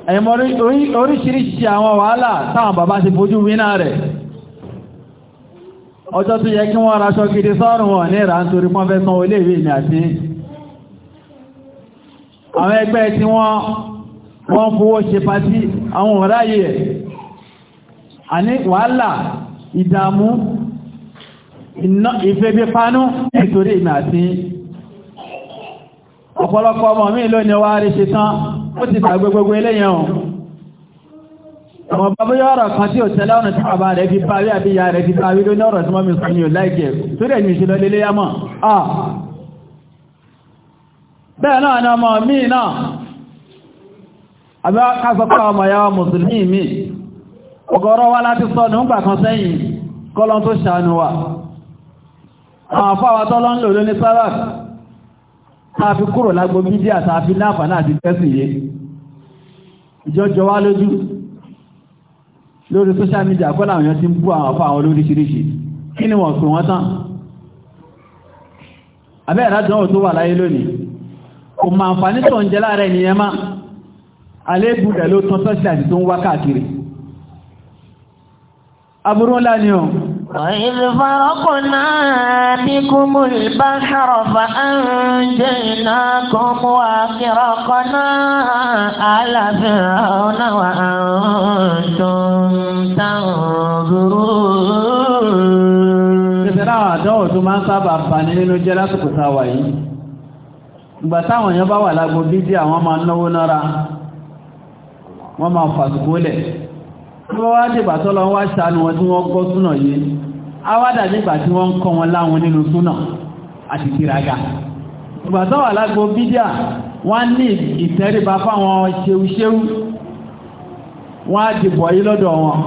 [SPEAKER 2] àìmọ̀ oríṣiríṣi àwọn wàhálà táwọn bàbá ti fojú wínà rẹ̀ ọjọ́ tó yẹ kí wọ́n raṣọ gidi sọ́rùn wọn ní ìrà nítorí pọ́n fẹ́ san olè ìwé ìmì àwọn ẹgbẹ́ tí wọ́n wọ́n fowó ṣe pàtí àwọn ọ̀ráyè ẹ̀ àní wàhálà ìdààmú ìfẹ́bẹ́pánú nítorí ìmì ọ̀pọ̀lọpọ̀ ọmọ mi ló ní wá rí ṣe tán ó ti gbàgbé gbogbo eléyàn o àwọn babayọ ọ̀rọ̀ kan tí ò tẹ́lẹ̀ ọ̀nà tí bàbá rẹ̀ fi parí àbí ìyá rẹ̀ fi parí ló ní ọ̀rọ̀ tí mọ́mí sọ ní ò láìjẹ̀ tó rẹ̀ ní ìṣẹ́lọ kọ́lọ́n tó ṣàánú wa àwọn àfáwà tọ́lọ́ ń lò lóní sábàbí tààfi kúrò lágbo mídíà tààfi láàfàánà àti tẹ́sì yé ìjọjọ wá lójú lórí social media kọ́lá àwọn èèyàn ti ń bú àwọn afọ àwọn olóríṣiríṣi kí ni wọ́n pè wọ́n tán abẹ́ ìrádánwò tó wà láyé lónìí kò máa ń fa ní tó ń jẹ láàrẹ ènìyàn má alébù rẹ̀ ló tán sọ́ṣílẹ̀ àti tó ń wá káàkiri aburú ńlá ni ọ̀ وإذ فرقنا بكم البحر
[SPEAKER 1] فأنجيناكم وأغرقنا آل فرعون وأنتم تنظرون.
[SPEAKER 2] Ìṣẹ̀dá àdáwò tó máa ń sábà bani nínú jẹ́ lásìkò táwa yìí. Ìgbà táwọn èèyàn bá wà lágbo bíbí àwọn máa náwó nára, wọ́n máa fàṣùkólẹ̀ wọ́n wá dìgbà tọ́lọ wá ṣàánú wọn tí wọ́n gbọ́ súnà yìí awádà nígbà tí wọ́n ń kọ́ wọn láwọn nínú súnà àti tìraga ìgbà tó wà lágbo bídíà wọ́n ní ìtẹríba fáwọn ṣeúṣeú wọ́n á dìbọ̀ yí lọ́dọ̀ wọn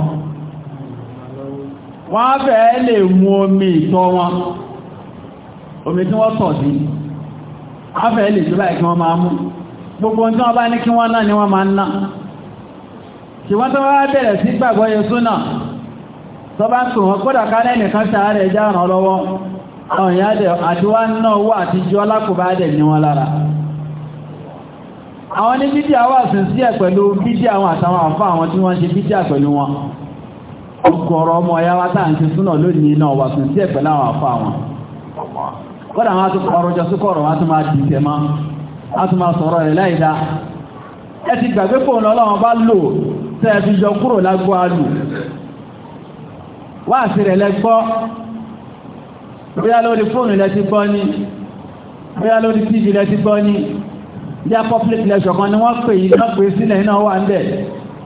[SPEAKER 2] wọ́n á fẹ́ lè mú omi ìtọ̀ wọn omi tí wọ́n tọ̀ sí á fẹ́ lè tó báyìí kí wọ́n máa mú gbogbo tí wọ́n bá ní kí wọ́n ná ni wọ́n máa ná ṣùgbọ́n tó wá bẹ̀rẹ̀ sí gbàgbọ́ yẹ súnà tó bá ń wọ́n kódà kálẹ̀ nìkan ṣàárẹ̀ já ràn lọ́wọ́ àwọn ìyá dẹ̀ náà wà àtijọ́ alákòbá dẹ̀ ní wọn lára àwọn ní bídíà wà pẹ̀lú bídíà wọn ọgọ̀rọ̀ ọmọ súnà lónìí náà wà sí ẹ̀ pẹ̀lú àwọn àfá wọn wọn tó kọrọ jọ síkọrọ wọn tó máa máa tó máa sọ̀rọ̀ láìdá ẹ ti tẹ́ẹ̀fi yọ kúrò lágbó alù wá àṣírẹ̀ lẹ́gbọ́ bóyá lórí fóònù lẹ ti gbọ́ ní bóyá lórí tv lẹ ti gbọ́ ní bóyá public lecture kan ni wọ́n pè yí náà pè sílẹ̀ iná wà ń bẹ̀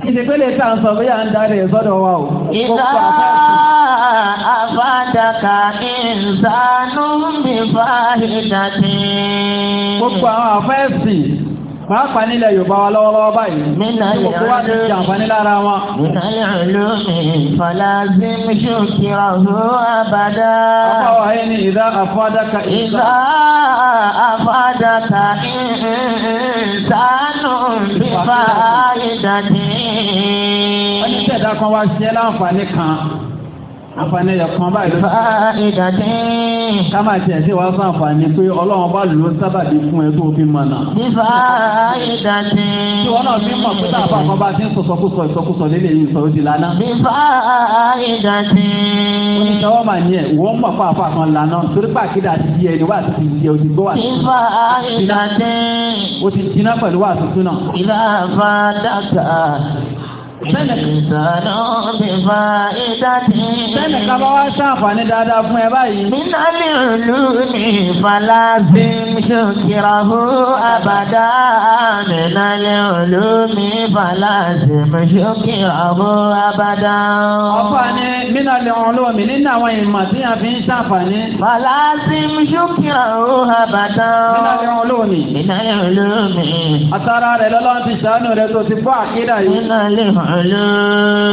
[SPEAKER 2] ìdìpele tá à ń sọ bóyá ń darí ẹ̀ sọ́dọ̀ wa o. ìdá
[SPEAKER 1] àfádàkà
[SPEAKER 2] ìsànú mi fáhìdàtì. gbogbo àwọn àfẹ́sì pàápàá nílẹ̀ Yorùbá wa lọ́wọ́lọ́wọ́ báyìí nínú kó wá ti jàǹfààní lára wọn. nínú ìlú mi fọlá bí
[SPEAKER 1] mi ṣó kíra hó abàdá. ọmọ wa yẹn ni ìdá àfọ́dáka ìdá àfọ́dáka ìsánú bí fàáyé
[SPEAKER 2] dàdí. wọ́n ti tẹ̀dá kan wá sí ẹ láǹfààní kan àǹfààní ẹ̀yọ̀ kan báyìí lọ́sí. ìdàdé. ká máa tiẹ̀ sí wá fún àǹfààní pé ọlọ́run bá lò ó sábàbí fún ẹ tó fi mọ̀nà. bíbá ìdàdé. tí wọn náà fi mọ̀ pé tá a bá kan bá ti ń sọ̀sọ̀kúsọ ìsọkúsọ nílé yìí sọ òdì lánà. bíbá ìdàdé. oníṣẹ́wọ́ mà ní ẹ̀ wọ́n mọ̀ fún àfa kan lánà torí pé àkídà àti bí ẹni wà ti di ẹni gbọ́ wà. bíbá ìdàdé. o ti jiná pẹ̀lú wà tuntun náà. ìlà
[SPEAKER 1] Ìsànà mi fa ìdájí. Sẹ́ni ká bá wá ṣàǹfààní dáadáa fún ẹ báyìí. Iná mi ìlú mi fàlà bí ṣòkìrà hó àbàdá. Iná mi ìlú mi fàlà bí ṣòkìrà hó àbàdá. Ọ̀pọ̀ ni Mínà lè ràn lọ́wọ́ mi nínú àwọn ìmọ̀ tí a fi ń
[SPEAKER 2] ṣàǹfààní. Fàlà bí ṣòkìrà hó àbàdá. Mínà lè ràn lọ́wọ́ mi. Mínà lè ràn lọ́wọ́ mi. Àtàrà rẹ̀ lọ́lọ́run ti ṣàánú rẹ̀ tó ti bọ́ àkídà yìí. Mínà lè ràn àlá.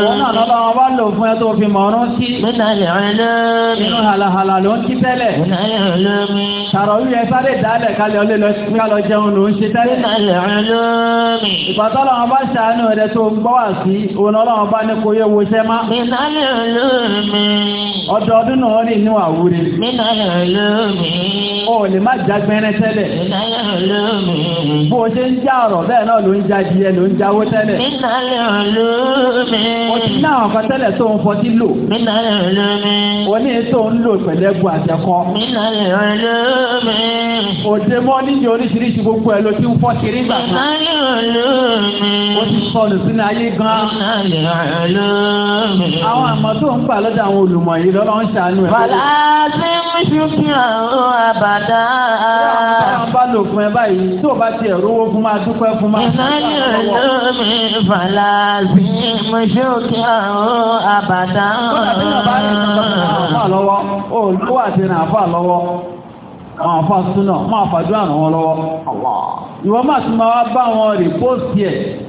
[SPEAKER 2] Wọ́n náà lọ́lọ́ wọn bá lò fún ẹ tó fi mọ̀ọ́rún sí. Mínà lè àlá mi. Inú halàhalà ló ń ti tẹ́lẹ̀. Mínà lè àlá mi. Sàrọ̀ yìí ẹ sáré dálẹ̀ kálẹ̀ ọlẹ́ lọ sí kálọ̀ jẹun ló ń ṣe tẹ́lẹ̀. Mínà lè àlá mi. Ìpàtọ́ lọ́wọ́ bá ṣàánú rẹ tó ń gbọ́ wá sí. Òun ọlọ́wọ́ bá ní kò yẹ wo iṣẹ́ má. Mínà lè àlá mi. Ọdọọdún náà rí inú àwúre. Mínà lè àlá mi. O lè má jágbẹ́rẹ́ tẹ́lẹ̀. Mínà lè àlá mi. Bó o ṣe ń já ọ̀rọ̀ bẹ́ẹ̀ náà ló ń já díẹ̀ ló ń jáwó tẹ́lẹ̀. Mínà lè àlá lómi. Ọtí náà kan tó ń fọtí lò. Mi náà lè lómi. Oní tó ń lò pẹ̀lẹ́gù àtẹ̀kọ. Mi náà lè lómi. Òde mọ́ níbi oríṣiríṣi gbogbo ẹ̀ ló ti ń fọ́ kiri gbà. Mi náà lè lómi. Ó ti sọnù sínú ayé gan. Mi náà lè lómi. Àwọn àmọ́ tó ń gbà lọ́dọ̀ àwọn olùmọ̀ yìí lọ́lọ́ ń ṣàánú ẹ̀. Bàlá ti mú ṣùkú àwọn àbàdá. Àwọn bá lò fún ẹ báyìí tó
[SPEAKER 1] fi mojú kí àbàdà. Bọ́lá bí wọ́n bá rí ìtọ́jú àfà
[SPEAKER 2] lọ́wọ́, olùkọ́ àti ìrìn àfà lọ́wọ́, àwọn àfà súnà bá wọn rìpóòsì ẹ̀,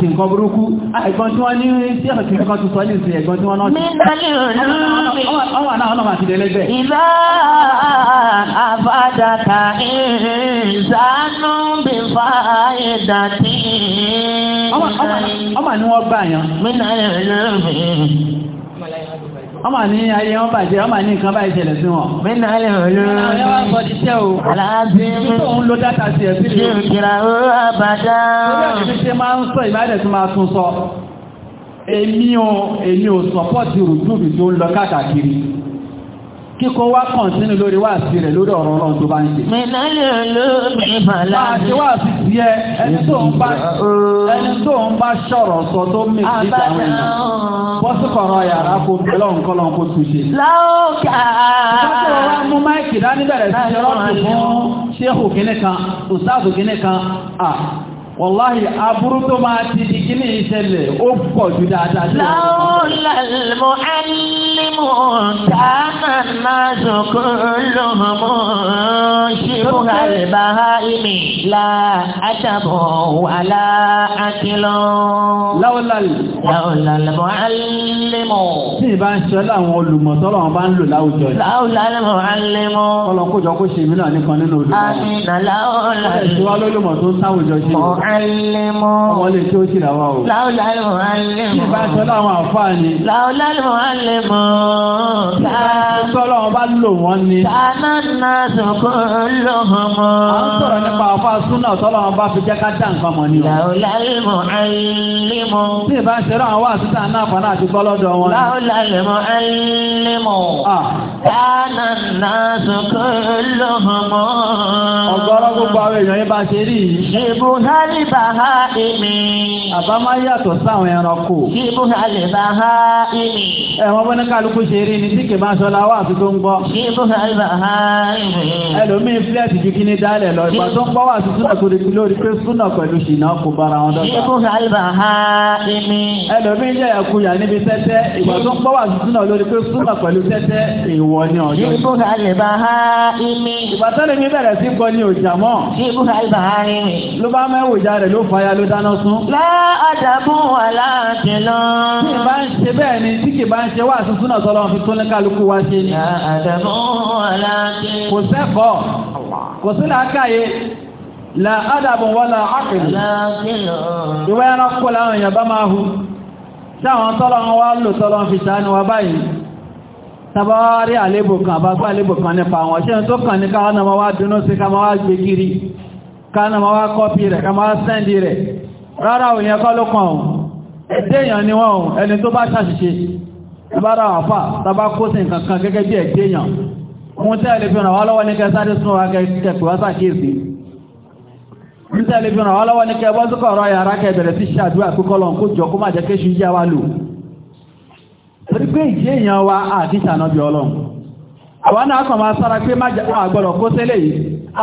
[SPEAKER 2] nǹkan burúkú, ẹ̀gbọ́n tí wọ́n ní sí ẹ̀kì kan tún sọ ní ìsìn ẹ̀gbọ́n tí wọ́n náà ti. Ọwọ́
[SPEAKER 3] Ìlà
[SPEAKER 2] ọmọ ni wọ́n bá yàn ọmọ ní ayé wọn bàjẹ́ ọmọ ní nǹkan bá ìṣẹ̀lẹ̀ sí wọn. mẹ́nà ayé olóòrùn ọ̀rẹ́ wa gbọ́ ti tẹ́ o. aláàbí mi tó ń lo dátà sí ẹ̀ sílẹ̀. ṣé ìkìlá ó àbàdá. ṣé bí ṣe máa ń sọ ìbádẹ̀ tó máa tún sọ. èmi ò èmi ò sọ́pọ́ọ̀tì rùdùrù tó ń lọ káàkiri kíkọ́ wá kàn sínú lórí wáàsí rẹ̀ lórí ọ̀rọ̀ ọ̀rọ̀ tó bá ń ṣe. mìnàlẹ́ olómi fàlà. máa ṣe wáàsí sí ẹ ẹni tó ń bá ẹni tó ń bá ṣọ̀rọ̀ sọ tó mì sí ìdáhùn ẹ̀ bọ́sùkọ̀rọ̀ yàrá kó bẹ́lọ̀ ńkọ́lọ̀ kó tún ṣe. láòkà. sọ́kò wa mú máìkì dání bẹ̀rẹ̀ sí ṣe rọ́ọ̀tù fún ṣéhù kínní kan òṣàfù kínní kan wàláhì aburú tó máa ti di kíní ìṣẹ̀lẹ̀ ó pọ̀ ju dáadáa sí. láwùlà
[SPEAKER 1] mọ ẹnìmọ dáná náà sọkò lọmọ ṣùgbọ́n àlèbá ìmì la àtàbọ̀ wàlá àkìlọ̀.
[SPEAKER 2] láwùlà láwùlà mọ ẹnìmọ. tí ì bá ń ṣe láwọn olùmọ̀tọ́lọ̀ wọn bá ń lò láwùjọ yìí. láwùlà mọ ẹnìmọ. ọlọ́kùnjọ kó ṣe mí náà nìkan nínú olùmọ̀. àmì nà láwùlà. ó lè ṣe lólùmọ̀ tó ń táwùjọ ṣe alimu. ọmọ lè tó ṣì làwọn o. láwùlá lè mọ alimu. kí bá sọ láwọn àǹfààní. láwùlá lè mọ alimu. sọlọ wọn bá lò wọn ni. sáná náà sọkò ló hàn mọ́. à sọ̀rọ̀ nípa àfa súnà sọlọ wọn bá fi jẹ́ dá nǹkan mọ̀ ni o. láwùlá alimu. bí ìbá ń ṣeré àwọn àtúntà náà fọ́nà àti gbọ́lọ́dọ̀ wọn. láwùlá lè
[SPEAKER 1] alimu. sáná
[SPEAKER 2] náà sọkò ló hàn mọ́. ọ̀gọ́rọ̀ gbogbo àwọn èèyàn yẹn bá ṣe rí. ìbùhálì lè bá ha èmi. Àbá máa yàtọ̀ sáwọn ẹranko. Kí ibú ha lè bá ha èmi. Ẹ̀wọ̀n bọ́ ní kálukú ṣe rí ni tí kì máa sọlá wà tó tó ń gbọ́. Kí ibú ha lè bá ha èmi. Ẹlòmíì fílẹ̀tì ju kí ní dálẹ̀ lọ. Ìgbà tó ń gbọ́ wà sí súnà kò lórí pé súnà pẹ̀lú ṣìnà kò bára wọn dọ́gba. Kí ha lè bá ha èmi. Ẹlòmíì jẹ́ ẹ̀kúyà ìyá rẹ̀ ló fàyà ló dáná sún. láàdàbò wà láti lọ. bí ìbá ń ni tí kì bá ń ṣe wà tuntun náà tọ́lọ́ fi tó ní kálukú wá ṣe ni. láàdàbò wà láti. kò sẹ́kọ̀ọ́ kò sí làákàyè láàdàbò wà láàkì. ìwé ẹranko làwọn èèyàn bá máa hu. táwọn tọ́lọ́ wa lò tọ́lọ́ fi ṣàánú wa báyìí tabaari alebo kan abagba alebo kan nípa àwọn ṣe tó kàn ní káwọn náà wá dúnú sí ká máa wá gbé kiri ka ma wá rẹ rẹ̀ ká rẹ. rara sẹ́ndì rẹ̀ rárá òní ẹkọ́ ló kàn ohun ẹ̀dẹ́ èèyàn ni wọ́n ohun ẹni tó bá ṣàṣìṣe ìbára àfà tàbá kó sí nǹkan kan gẹ́gẹ́ bí ẹ̀dẹ́ èèyàn mú tẹ́ẹ̀lẹ́ fi ràn wá lọ́wọ́ ní kẹsàdé sún wa kẹpì wá sàkíyèsí mú tẹ́ẹ̀lẹ́ fi ràn wá lọ́wọ́ ní lọ kó jọ kó má jẹ́ yá wa lò wa àti ìṣànà bí ọlọ́run àwọn náà kàn máa sára pé má jẹ́ àgbọ̀rọ̀ kó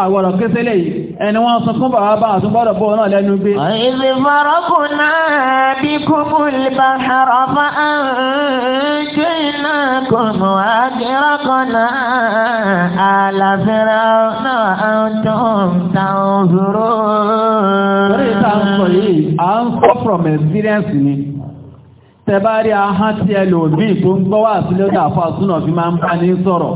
[SPEAKER 2] àwọ̀rọ̀ kẹsẹ́lẹ̀ yìí ẹni wọ́n sọ fún bàbá bá àtúnbọ̀rọ̀ bọ́ náà lẹ́nu gbé. ìlú mọ́rọ́kù
[SPEAKER 1] náà bí kúkú lè hàrọ̀ bá jẹ́ iná kò mọ̀ àgẹ́rọ́kọ̀ náà àlàfẹ́ra
[SPEAKER 2] náà tó ń ta òhúrò. lórí ìta ń sọ yìí à ń sọ from experience ni tẹ bá rí ahọ́n tí ẹ lò bí ìtò ń gbọ́ wá sílẹ̀ dàfà súnà fi máa ń bá ní sọ̀rọ̀.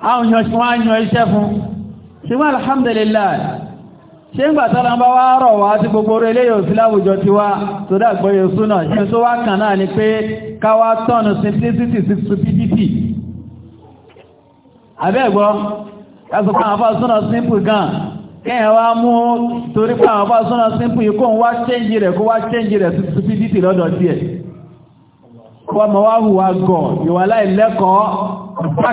[SPEAKER 2] àwọn èèyàn ṣe wọ́n iṣẹ́ fún ṣùgbọ́n alhamdulillah ṣe ń gbàtọ́lá bá wá rọ̀ wá tí gbogbo orí ilé yóò sí láwùjọ ti wá tó dàgbọ́yẹ súnà ṣe tó wá kàn náà ni pé káwá tọ́nù simplicity sí stupidity abẹ́gbọ́ kásùpá simple gan kẹ́yàn wá mú torí pé simple yìí kó ń wá change rẹ̀ kó wá change rẹ̀ sí stupidity lọ́dọ̀ tiẹ̀ kó mọ̀ wá hùwà gọ̀ ìwà láìlẹ́kọ̀ọ́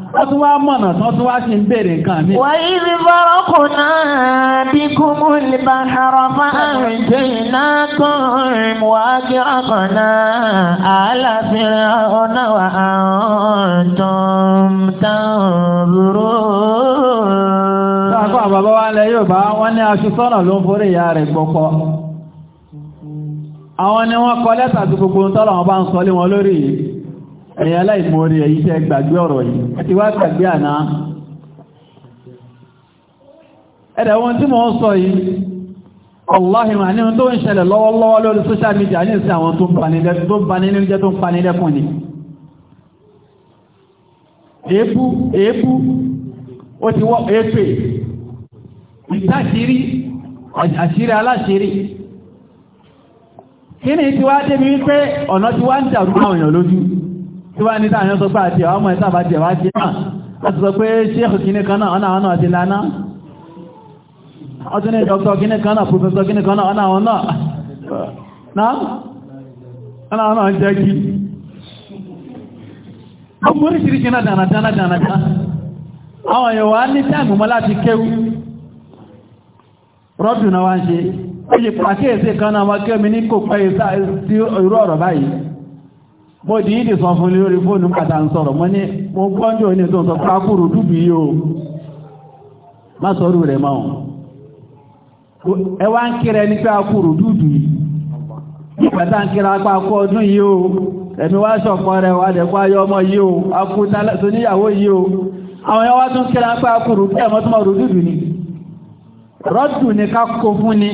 [SPEAKER 2] wọ́n tún wá mọ̀nà tán tún wá sí ń bèèrè nǹkan mi. wà ìrì bọ́rọ̀ kò náà bí kú mú lè
[SPEAKER 1] bá ara fáàrin iná kan wà á kí ọkàn náà àlàáfíà ọ̀nà wà áhùn tán tán
[SPEAKER 2] búrò. sáàkọ́ àbàbá wa lẹ yóò bá wọ́n ní aṣọ sọ́nà ló ń forí ìyá rẹ̀ gbọ́kọ́. àwọn ni wọ́n kọ lẹ́tà sí gbogbo ń tọ́lọ̀ wọn bá ń sọ lé wọn lórí yìí. ẹ̀yin aláìmọ̀ọ́rẹ èyí tẹ́ gbàgbé ọ̀rọ̀ yìí àti wá gbàgbé àná ẹ̀dẹ̀ wọn tí mọ̀ ń sọ yìí ọláhìmọ̀ ní tó ń ṣẹlẹ̀ lọ́wọ́lọ́wọ́ lórí social media ní ìsìn àwọn tó ń banilẹ́jẹ́ tó ń panilẹ́kùn ni èébú èébú ó ti wọ́ èépè ìtàṣírí àṣírí aláṣírí kí ni ti wá débi wípé ọ̀nà ti wá ń dàrú àwọn èèyàn lójú tí wá ní táàrin sọ pé àti ọmọ ìtàbà jẹ̀wá jẹ́ náà láti sọ pé ṣéèkù kìíní kan náà ọ̀nà àwọn lánà ọdún ní dọ́kítọ̀ kìíní kan náà pòfẹ́sọ̀ kìíní kan náà ọ̀nà àwọn náà ń jẹ́ kí oríṣiríṣi náà àwọn ní mo di ìdí sọ fún lórí fóònù kàtà ń sọ̀rọ̀ mo ní mo gbọ́njọ́ ní tó ń sọ kákùrù dúbì yìí o má sọ̀rọ̀ rẹ̀ máa ọ̀ ẹ wá ń kíra ẹni pé akùrù dúdú yìí ìpẹ̀tà ń kíra apá akọ ọdún yìí o ẹ̀mí wá ṣọ̀kan rẹ̀ wà dẹ̀kọ́ ayọ́ ọmọ yìí o akú tó níyàwó yìí o àwọn ẹwà tún kíra apá akùrù bí ẹ̀mọ́ tó mọ̀ rò dúdú ni rọ́dù ni ká kó fún ni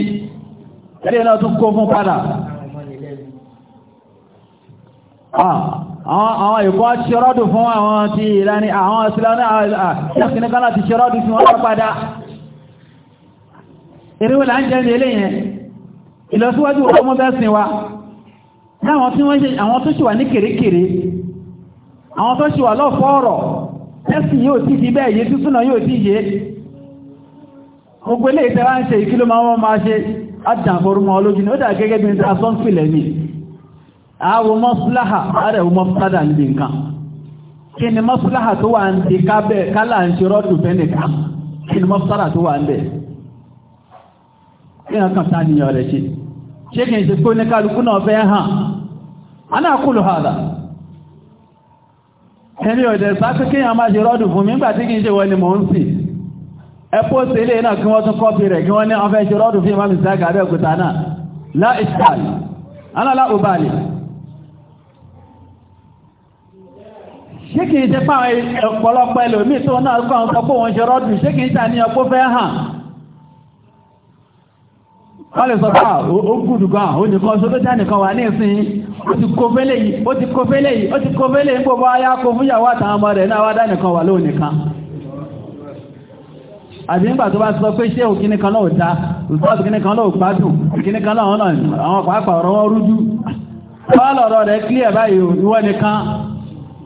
[SPEAKER 2] ẹ̀rí náà Ah, àwọn ìkọ́ ṣọ́rọ́dù fún àwọn tí ìlànà àwọn ìsìlànà àṣìkínkan láti ṣọ́rọ́dù fún wọ́n padà ìrìnwò là ń jẹ́ ní ilé yẹn ìlọsíwájú ọmọ bẹ́sìn wa láwọn tí wọ́n ṣe àwọn tó ṣìwà ní kèrèkèrè àwọn tó ṣìwà lọ́fọ́ọ̀rọ̀ ẹ̀sìn ṣe ìkílò máa àwọ mọ́síláhà ààrẹ wọ mọ́síláhà ní nǹkan kí ni mọ́síláhà tó wà ń ti kábẹ̀ kálà ń ṣe rọ́dù fẹ́nìkan kí ni mọ́síláhà tó wà ń bẹ̀ ìyàn kan sáàniyàn rẹ̀ ṣe ṣe kìí ṣe kó ní kálukú náà fẹ́ hàn aná kúlù hàdà ẹni ọ̀dẹ̀ sáàkì kí a máa ṣe rọ́dù fún nígbà tí kìí ṣe wọ́n ni mò ń sì ẹpọ́ sí náà kí wọ́n tún kọ́pì rẹ̀ kí wọ́n ní ṣe rọ́dù fún ṣé kìí ṣe fáwọn ọ̀pọ̀lọpọ̀ ẹlòmíì tó náà kọ́ ọ̀pọ̀ pé òun ṣe rọ́dùn ṣé kìí ṣe àníyàn pé fẹ́ hàn wọ́n lè sọ ó gùdù gan ó nìkan ṣe tó wà ní ìsìn ó ti kó fẹ́lẹ̀ yìí ó ti kó fẹ́lẹ̀ yìí gbogbo ayá kó fún ìyàwó àtàwọn ọmọ rẹ̀ náà wá wà lóò nìkan àti nígbà tó bá sọ pé ṣé òkíní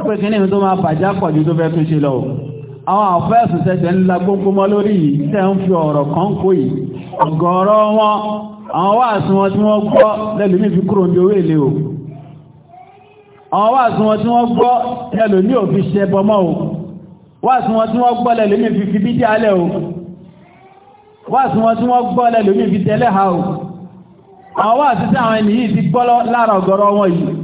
[SPEAKER 2] pípẹ́ kí ní tó máa bàjá pọ̀ ju tó fẹ́ tún ṣe lọ àwọn àfẹ́sùn tẹ́tẹ̀ ń la gbogbo mọ́ lórí yìí tẹ́ ń fi ọ̀rọ̀ kan kó yìí ọ̀gọ̀ọ̀rọ̀ wọn àwọn wáàsùn wọn tí wọ́n gbọ́ lẹ́lùmí fi kúrò ní orí èlé o àwọn wáàsùn wọn tí wọ́n gbọ́ lẹ́lùmí ò fi ṣẹ bọmọ́ o wáàsùn wọn tí wọ́n gbọ́ lẹ́lùmí fi fi bídí alẹ́ o wáàsùn wọn tí wọ́n gbọ́ lẹ́lùmí fi tẹ́lẹ̀ ha o àwọn wáàsùn tí àwọn ènìyàn ti gbọ́ lára ọ̀gọ̀ọ̀rọ̀ wọn yìí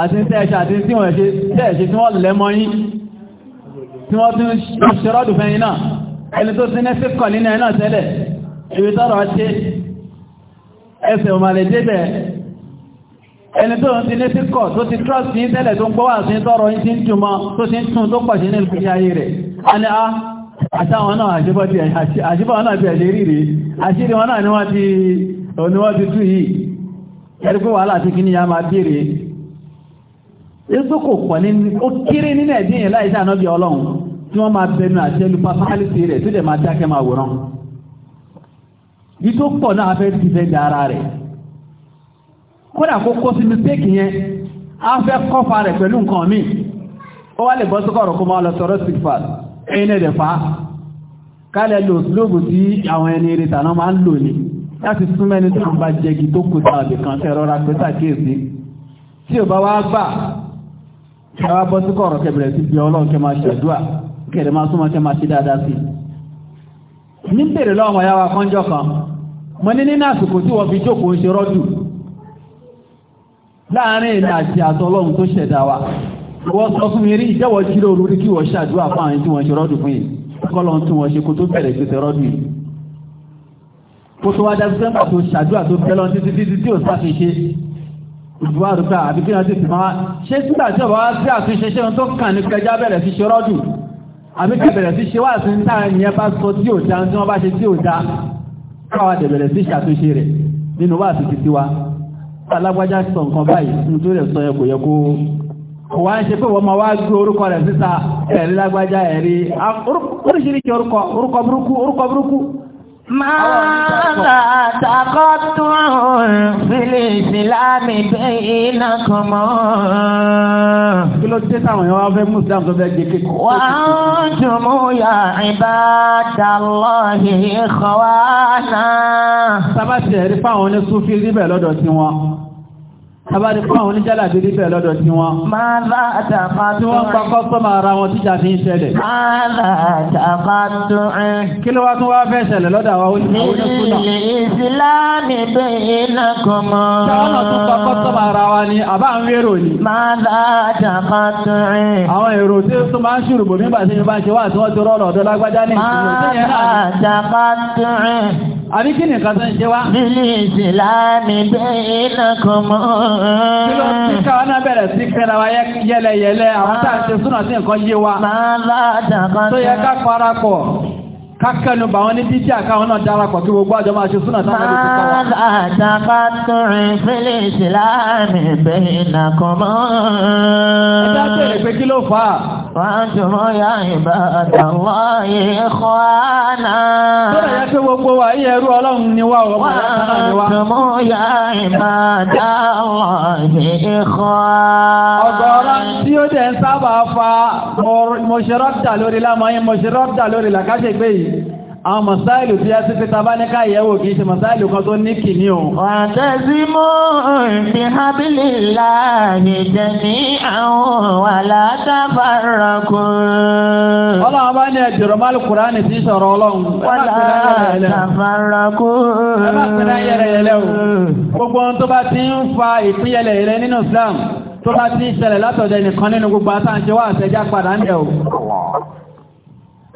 [SPEAKER 2] àti tẹ́ẹ̀ṣẹ́ àti tí wọ́n ṣe tẹ́ẹ̀ṣẹ́ tí wọ́n lẹ́ mọ́yín tí wọ́n tún ṣọ́rọ̀dù fẹ́yìn náà ẹni tó sí nẹ́sí kọ̀ nínú ẹ̀nà tẹ́lẹ̀ ibi tọ́rọ̀ ṣe ẹsẹ̀ òmàlẹ̀ débẹ̀ ẹni tó ń ti nẹ́sí kọ̀ tó ti trust ní tẹ́lẹ̀ tó ń gbọ́wà sí tọ́rọ̀ yí ti ń jùmọ́ tó ti ń tún tó pọ̀ sí ní ìpínlẹ̀ ayé rẹ̀ a ní a ah, àtàwọn náà àṣíbọ̀ náà bí ẹ̀lẹ́ rí rí àṣírí wọn náà ni wọ́n ti tún yìí ẹ̀rí wàhálà ti kí ní ya máa bèèrè yíṣọ́ kò pọ̀ ní ó kéré nínú ẹ̀dí yẹn láì dáná bí ọlọ́run tí wọ́n máa bẹnu àtẹ́lu pásálítì rẹ̀ tó dẹ̀ máa dákẹ́ máa wòran yíṣọ́ pọ̀ náà fẹ́ ti fẹ́ da ara rẹ̀ kódà kó kó sí mistake yẹn á fẹ́ kọ́fà rẹ̀ pẹ̀lú nǹkan míì ó wá lè bọ́ sí kọ̀rọ̀ kó máa lọ sọ̀rọ̀ sí fà ẹ̀yin ẹ̀dẹ̀ fà á kálẹ̀ lò lóògùn tí àwọn ẹni eré tàná máa ń lò ní láti súnmẹ́ni tó ń bá jẹ́gi tó kù káwá bọ́ sí kọ̀ọ̀rọ̀ kẹbẹ̀rẹ̀ sí bí ọlọ́run kẹ máa ṣàdúà kẹrẹ máa súnmọ́ kẹ máa ṣe dáadáa sí ní bèrè lọ́wọ́ yáwa kọ́njọ́ kan mo ní nínú àsìkò tí wọ́n fi jókòó ṣe rọ́dù láàárín ìlú àti wa wọ́n sọ fún mi rí ìjẹ́wọ́ jírí olórí kí wọ́n ṣàdúà fún àwọn tí wọ́n ṣe rọ́dù fún yìí kọ́lọ́n tí wọ́n ṣe kó tó bẹ̀rẹ̀ ṣe rọ́dù yìí kó tó wá dá sí ìbúwárùta àbí kí wọ́n ti fìmọ́ ṣe sígbà tí ọba wá sí àtúnṣe ṣe tó kàn ní kẹjá bẹ̀rẹ̀ sí ṣe rọ́dù àbí kẹ bẹ̀rẹ̀ sí ṣe wà sí ń táà ní ẹ bá sọ tí ò dáa tí wọ́n bá ṣe tí ò dáa káwà dẹ̀ bẹ̀rẹ̀ sí ṣàtúnṣe rẹ̀ nínú wà sí títí wa alágbájá sọ nǹkan báyìí nítorí rẹ̀ sọ yẹ kò yẹ kó ṣe pé wọ́n máa wá gbé orúkọ rẹ̀ síta ẹ̀rí lágbájá ẹ̀rí oríṣiríṣi orúkọ orúkọ burúkú orúkọ burúkú Máàlá takọ́tù fílì
[SPEAKER 1] ìsìlámi bẹ́ iná kan mọ́. Kí ló dé táwọn èèyàn wá fẹ́ mú
[SPEAKER 2] ìsìlámi tó fẹ́ gègé? Wà á
[SPEAKER 1] jù mú ya ibadallahi
[SPEAKER 2] ikhwana. Sábà ṣe ẹ̀rí fáwọn onísúfí rí bẹ̀ lọ́dọ̀ sí wọn. Abáde fún àwọn oníjàlá àbílí bẹ̀rẹ̀ lọ́dọ̀ tí wọ́n. Máa
[SPEAKER 1] bá àtàfà tó rẹ̀. Tí wọ́n pa
[SPEAKER 2] kọ́sọ́mà ara wọn tíjà fi ń ṣẹlẹ̀. Kí ló wá tún wá fẹ́ ṣẹlẹ̀ lọ́dọ̀ àwọn oníkúnà? Nílé
[SPEAKER 1] ìsìláàmì bẹ́ẹ̀ ní ìṣúná àbí kí nìkan tó ń ṣe wá. bílí ìsìláàmì bẹ́ẹ̀ lọ́kàn
[SPEAKER 2] mọ́. kí ló káwọn náà bẹ̀rẹ̀ sí kẹ́ra wa yẹ́lẹyẹ̀lẹ àwọn tá à ṣe súnà sí nǹkan yé wa. máa bá dàgbà tó yẹ ká parapọ̀ kákẹ́nu bá wọn ní bíbí àkáwọn náà darapọ̀ kí gbogbo àjọ máa ṣe súnà táwọn ẹbí ti kọ́ wa. máa àtàkà tórin fílẹ̀
[SPEAKER 1] ìsìláàmì bẹ́ẹ̀ fàájúmọ́ ya ibadallahi ikhwana. Bẹ́ẹ̀ yẹ kí gbogbo wa yí ẹrú ọlọ́run ni wá ọ̀rọ̀ mọ̀ lọ́sàn-án ni wá. Fàájúmọ́ ya
[SPEAKER 2] ibadallahi ikhwana. Ọ̀gọ̀ọ̀rọ̀ tí sábà fa mọ̀ṣẹ́rọ́dà lórí lámọ́ yín lórí làkàṣègbè yìí àwọn masáìlù tí a ti fi ta bá ní káyẹ̀wò kìí ṣe masáìlù kan tó ní kìíní o. wàtẹ́símù bí hábìlìláàhì jẹ̀mí àwọn aláàtàfàràkùn. ọlọ́run bá ní ẹ̀jọ̀rọ̀ máàlù kùránì tí sọ̀rọ̀ ọlọ́run. aláàtàfàràkùn. ẹ bá ti rán yẹrẹyẹrẹ o. gbogbo ohun tó bá ti ń fa ìpínyẹlẹyẹrẹ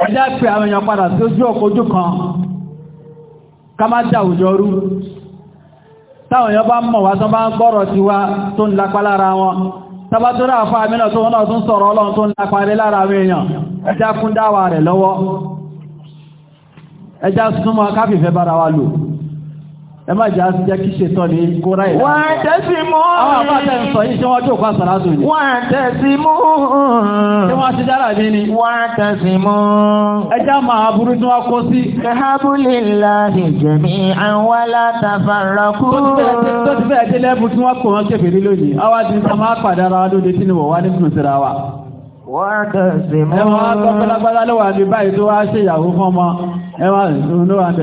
[SPEAKER 2] ẹjá pé àwọn èèyàn padà sí ojú ọkójú kan ká má dá òjò rú táwọn èèyàn bá mọ̀ wá tán bá ń gbọ́rọ̀ ti wá tó ń lápá lára wọn tàbá tó àmìnà tó wọ́n náà tún sọ̀rọ̀ ọlọ́run tó ń lápá rí lára àwọn èèyàn ẹjá kún dáwà rẹ̀ lọ́wọ́ ẹ má jà jẹ́ kí ṣètọ́ ní kóra ìlànà. wọ́n tẹ́sí mú. àwọn àbájá ń yìí tí wọ́n jókòó àsàlátù ni. wọ́n wọ́n ti dára mi ni. máa burú tí wọ́n kó sí. kahabulilahi jami'an wala tafarraqu. tó ti fẹ́ẹ̀ dé tí wọ́n kó wọn kébèrè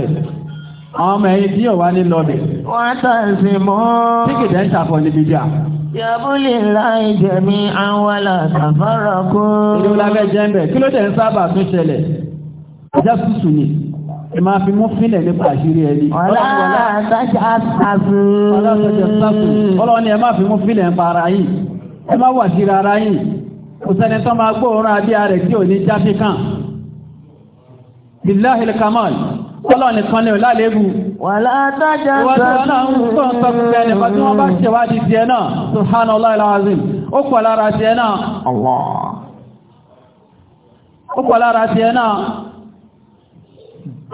[SPEAKER 2] lónìí àwọn ọmọ ẹ̀yìn tí yóò wá ní lọ́bẹ̀. wọ́n tàṣí mọ́. tí kìdẹ́ ń ṣàfọ̀ níbi díà. yabuli láì jẹ̀mí àwọn àtàfàrà kú. ìlú lábẹ́ jẹ́ńbẹ̀ kí ló dé ń sábà tún ṣẹlẹ̀ ìjà tútù ni ẹ máa fi mú fílẹ̀ nípa àṣírí ẹni. ọ̀la àtàjà sàfù. ọ̀la àtàjà sàfù. ọlọ́run ni ẹ máa fi mú fílẹ̀ nípa ara yìí ẹ máa wà sí ara yìí kò sẹ́ni tó máa gbóòórùn abíyá rẹ̀ tí ò ní jáfíkàn. billahi al-kamal. Ọlọ́run nìkan lè lálébù. Wà látàjà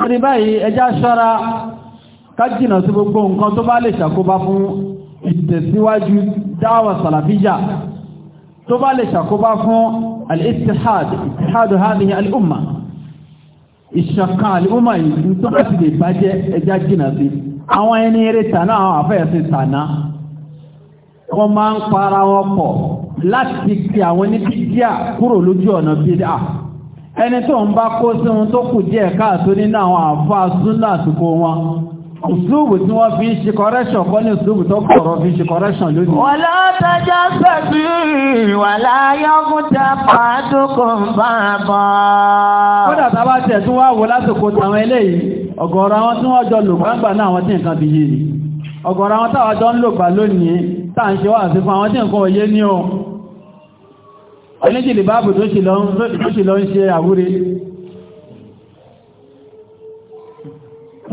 [SPEAKER 2] Àrí báyìí ẹjá ṣọ́ra kájìnà sí gbogbo nǹkan tó bá lè ṣàkóbá fún ìtẹ̀síwájú dáwà sàlàfíjà tó bá lè ṣàkóbá fún al-ittihad, ittihadu hadhihi al-umma. ìṣọ̀kan àlùmọ̀ yìí tó bá ti lè bàjẹ́ ẹja jìnà sí àwọn ẹni eré tàná àwọn àfẹ́ẹ̀sì tàná wọ́n máa ń para wọn pọ̀ láti fi àwọn oníbídíà kúrò lójú ọ̀nà bídíà ẹni tó ń bá kó sí tó kù díẹ̀ káàtó nínú àwọn àfáà súnlá àsìkò wọn tí wọ́n fi ń ṣe correction kọ́ ní òṣùlùbù tó kọ̀rọ̀ fi ń ṣe correction Wàlá yọ́kúta pàdókò ń bá bọ̀. Kódà tá bá tẹ̀ tún wá wò lásìkò tàwọn eléyìí, ọ̀gọ̀ọ̀rọ̀ àwọn tí wọ́n jọ lò gbangba náà wọ́n tí nǹkan bí yìí. Ọ̀gọ̀ọ̀rọ̀ àwọn táwọn jọ ń lò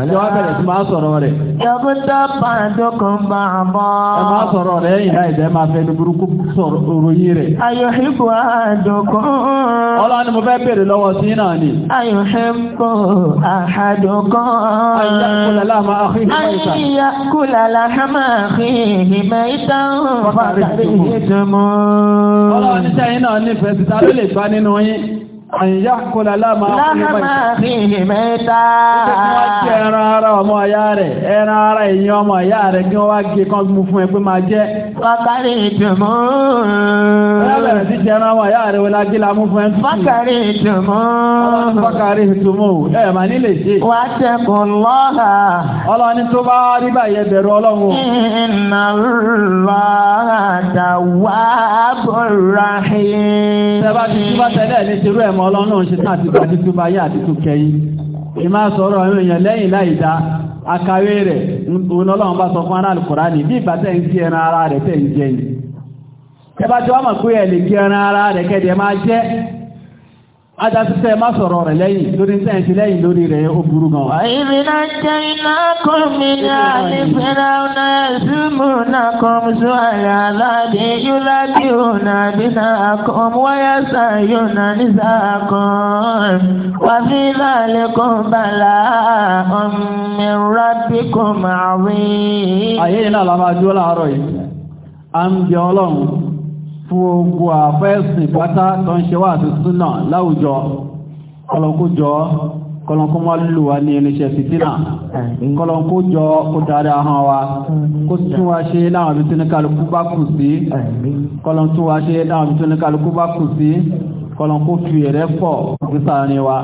[SPEAKER 2] Ìjọ wá bẹ̀rẹ̀ sí máa sọ̀rọ̀ rẹ̀.
[SPEAKER 1] Dọ́kítà Pàdókùn bá a bọ́. Ẹ máa sọ̀rọ̀ rẹ̀ yìí láì
[SPEAKER 2] jẹ́ máa fẹ́ ní burúkú sọ̀rọ̀ òròyìn rẹ̀.
[SPEAKER 1] Ayọ̀hìbò àdókùn. Ọlá ni mo fẹ́ bèèrè lọ́wọ́ sí náà ni. Ayọ̀hìbò àdókùn. Ayíyá kúlàlá hámà fi
[SPEAKER 2] ìmẹ̀ ìtàn fàtàkì ìtumọ̀. Ọlá àyíyá kọlá láàmà fílì mẹ́ta wọ́n jẹ́ ẹran ara ọmọ ọ̀yá rẹ̀ ẹran ara èyí ọmọ ọ̀yá rẹ̀ kí wọ́n wá gé kan mú fún ẹgbẹ́ máa jẹ́ fákàrí ìdùnmọ́ ẹgbẹ̀rẹ̀ sí jẹ́ ẹran ọmọ ọ̀yá rẹ̀ wọ́n lágé la mú fún ẹ fákàrí ìdùnmọ́ fákàrí ìdùnmọ́ mọ̀ ọlọ́run ṣe tán àti àdìtú bá yá àdìtú kẹyìn ìmá sọ̀rọ̀ àwọn èèyàn lẹ́yìn láì dá akawé rẹ̀ òun ọlọ́run bá sọ fún aráàlú kùránì bí ìgbà ń sí ẹran ara rẹ̀ tẹ́ ń jẹ bá ti mọ̀ pé ẹ̀ lè ẹran ara rẹ̀ kẹ́ Adásísẹ́ má sọ̀rọ̀ rẹ̀ lẹ́yìn lórí sẹ́ǹtì lẹ́yìn lórí rẹ̀ ó burú gan.
[SPEAKER 1] Àìrí náà jẹ́ iná kún mi ní àdìfẹ́ra ọ̀nà ẹ̀sùnmù náà kọ́ sọ àyà aláàdé yóò láti òun àbí náà kọ́ wáyà sàyò náà ní sàkàn. Wà fi láàlẹ́ kó bàlá
[SPEAKER 2] ọ̀mí rábì kó máa wí. Àyè yìí la máa dúró láàárọ̀ yìí fún ogun àfẹ́sìn pátá tó ń ṣe wà àti súnà láwùjọ kọlọ̀kójọ kọlọ̀kó máa lù wá ní irinṣẹ́ fìtínà kọlọ̀kójọ kó dára hàn wa kó tún wá ṣe láwọn ibi tí ní kálukú bá kù sí kọlọ̀tún wá ṣe láwọn ibi tí ní kálukú bá kù sí kọlọ̀n kó fi rẹ̀ pọ̀ nísàárín wa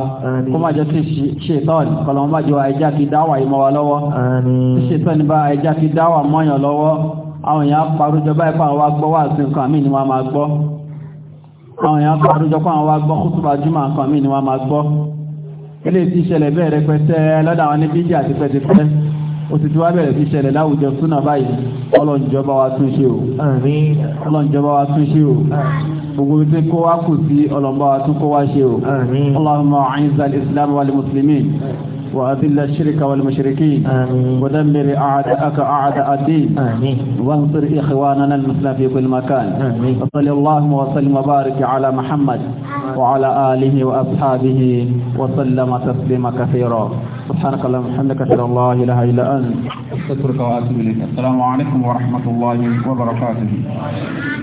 [SPEAKER 2] kó má jẹ́ tí ṣètọ́n kọlọ̀n má jọ àìjákí dáwà ìmọ̀ wa lọ́wọ́ tí ṣètọ́n bá àìjákí dáwà mọ́yàn lọ́wọ́ àwọn èèyàn parújọ báyìí pàwọn wá gbọ́ wà sí nǹkan mí ni wọ́n máa gbọ́ àwọn èèyàn parújọ pàwọn wá gbọ́ kútùbà jùmọ̀ nǹkan mí ni wọ́n máa gbọ́ ilé tí ìṣẹ̀lẹ̀ bẹ́ẹ̀ rẹpẹtẹ lọ́dọ̀ àwọn níbi ìjà àti pẹtipẹ ó ti wá bẹ̀rẹ̀ sí ìṣẹ̀lẹ̀ láwùjọ súnà báyìí ọlọ́njọba wa al muslimin وأذل الشرك والمشركين آمين ودمر أعداءك أعداء الدين آمين وانصر إخواننا المسلمين في كل مكان آمين وصلى اللهم وسلم وبارك على محمد وعلى آله وأصحابه وسلم تسليما كثيرا سبحانك
[SPEAKER 3] اللهم وبحمدك اشهد ان لا اله الا انت استغفرك واتوب اليك السلام عليكم ورحمه الله وبركاته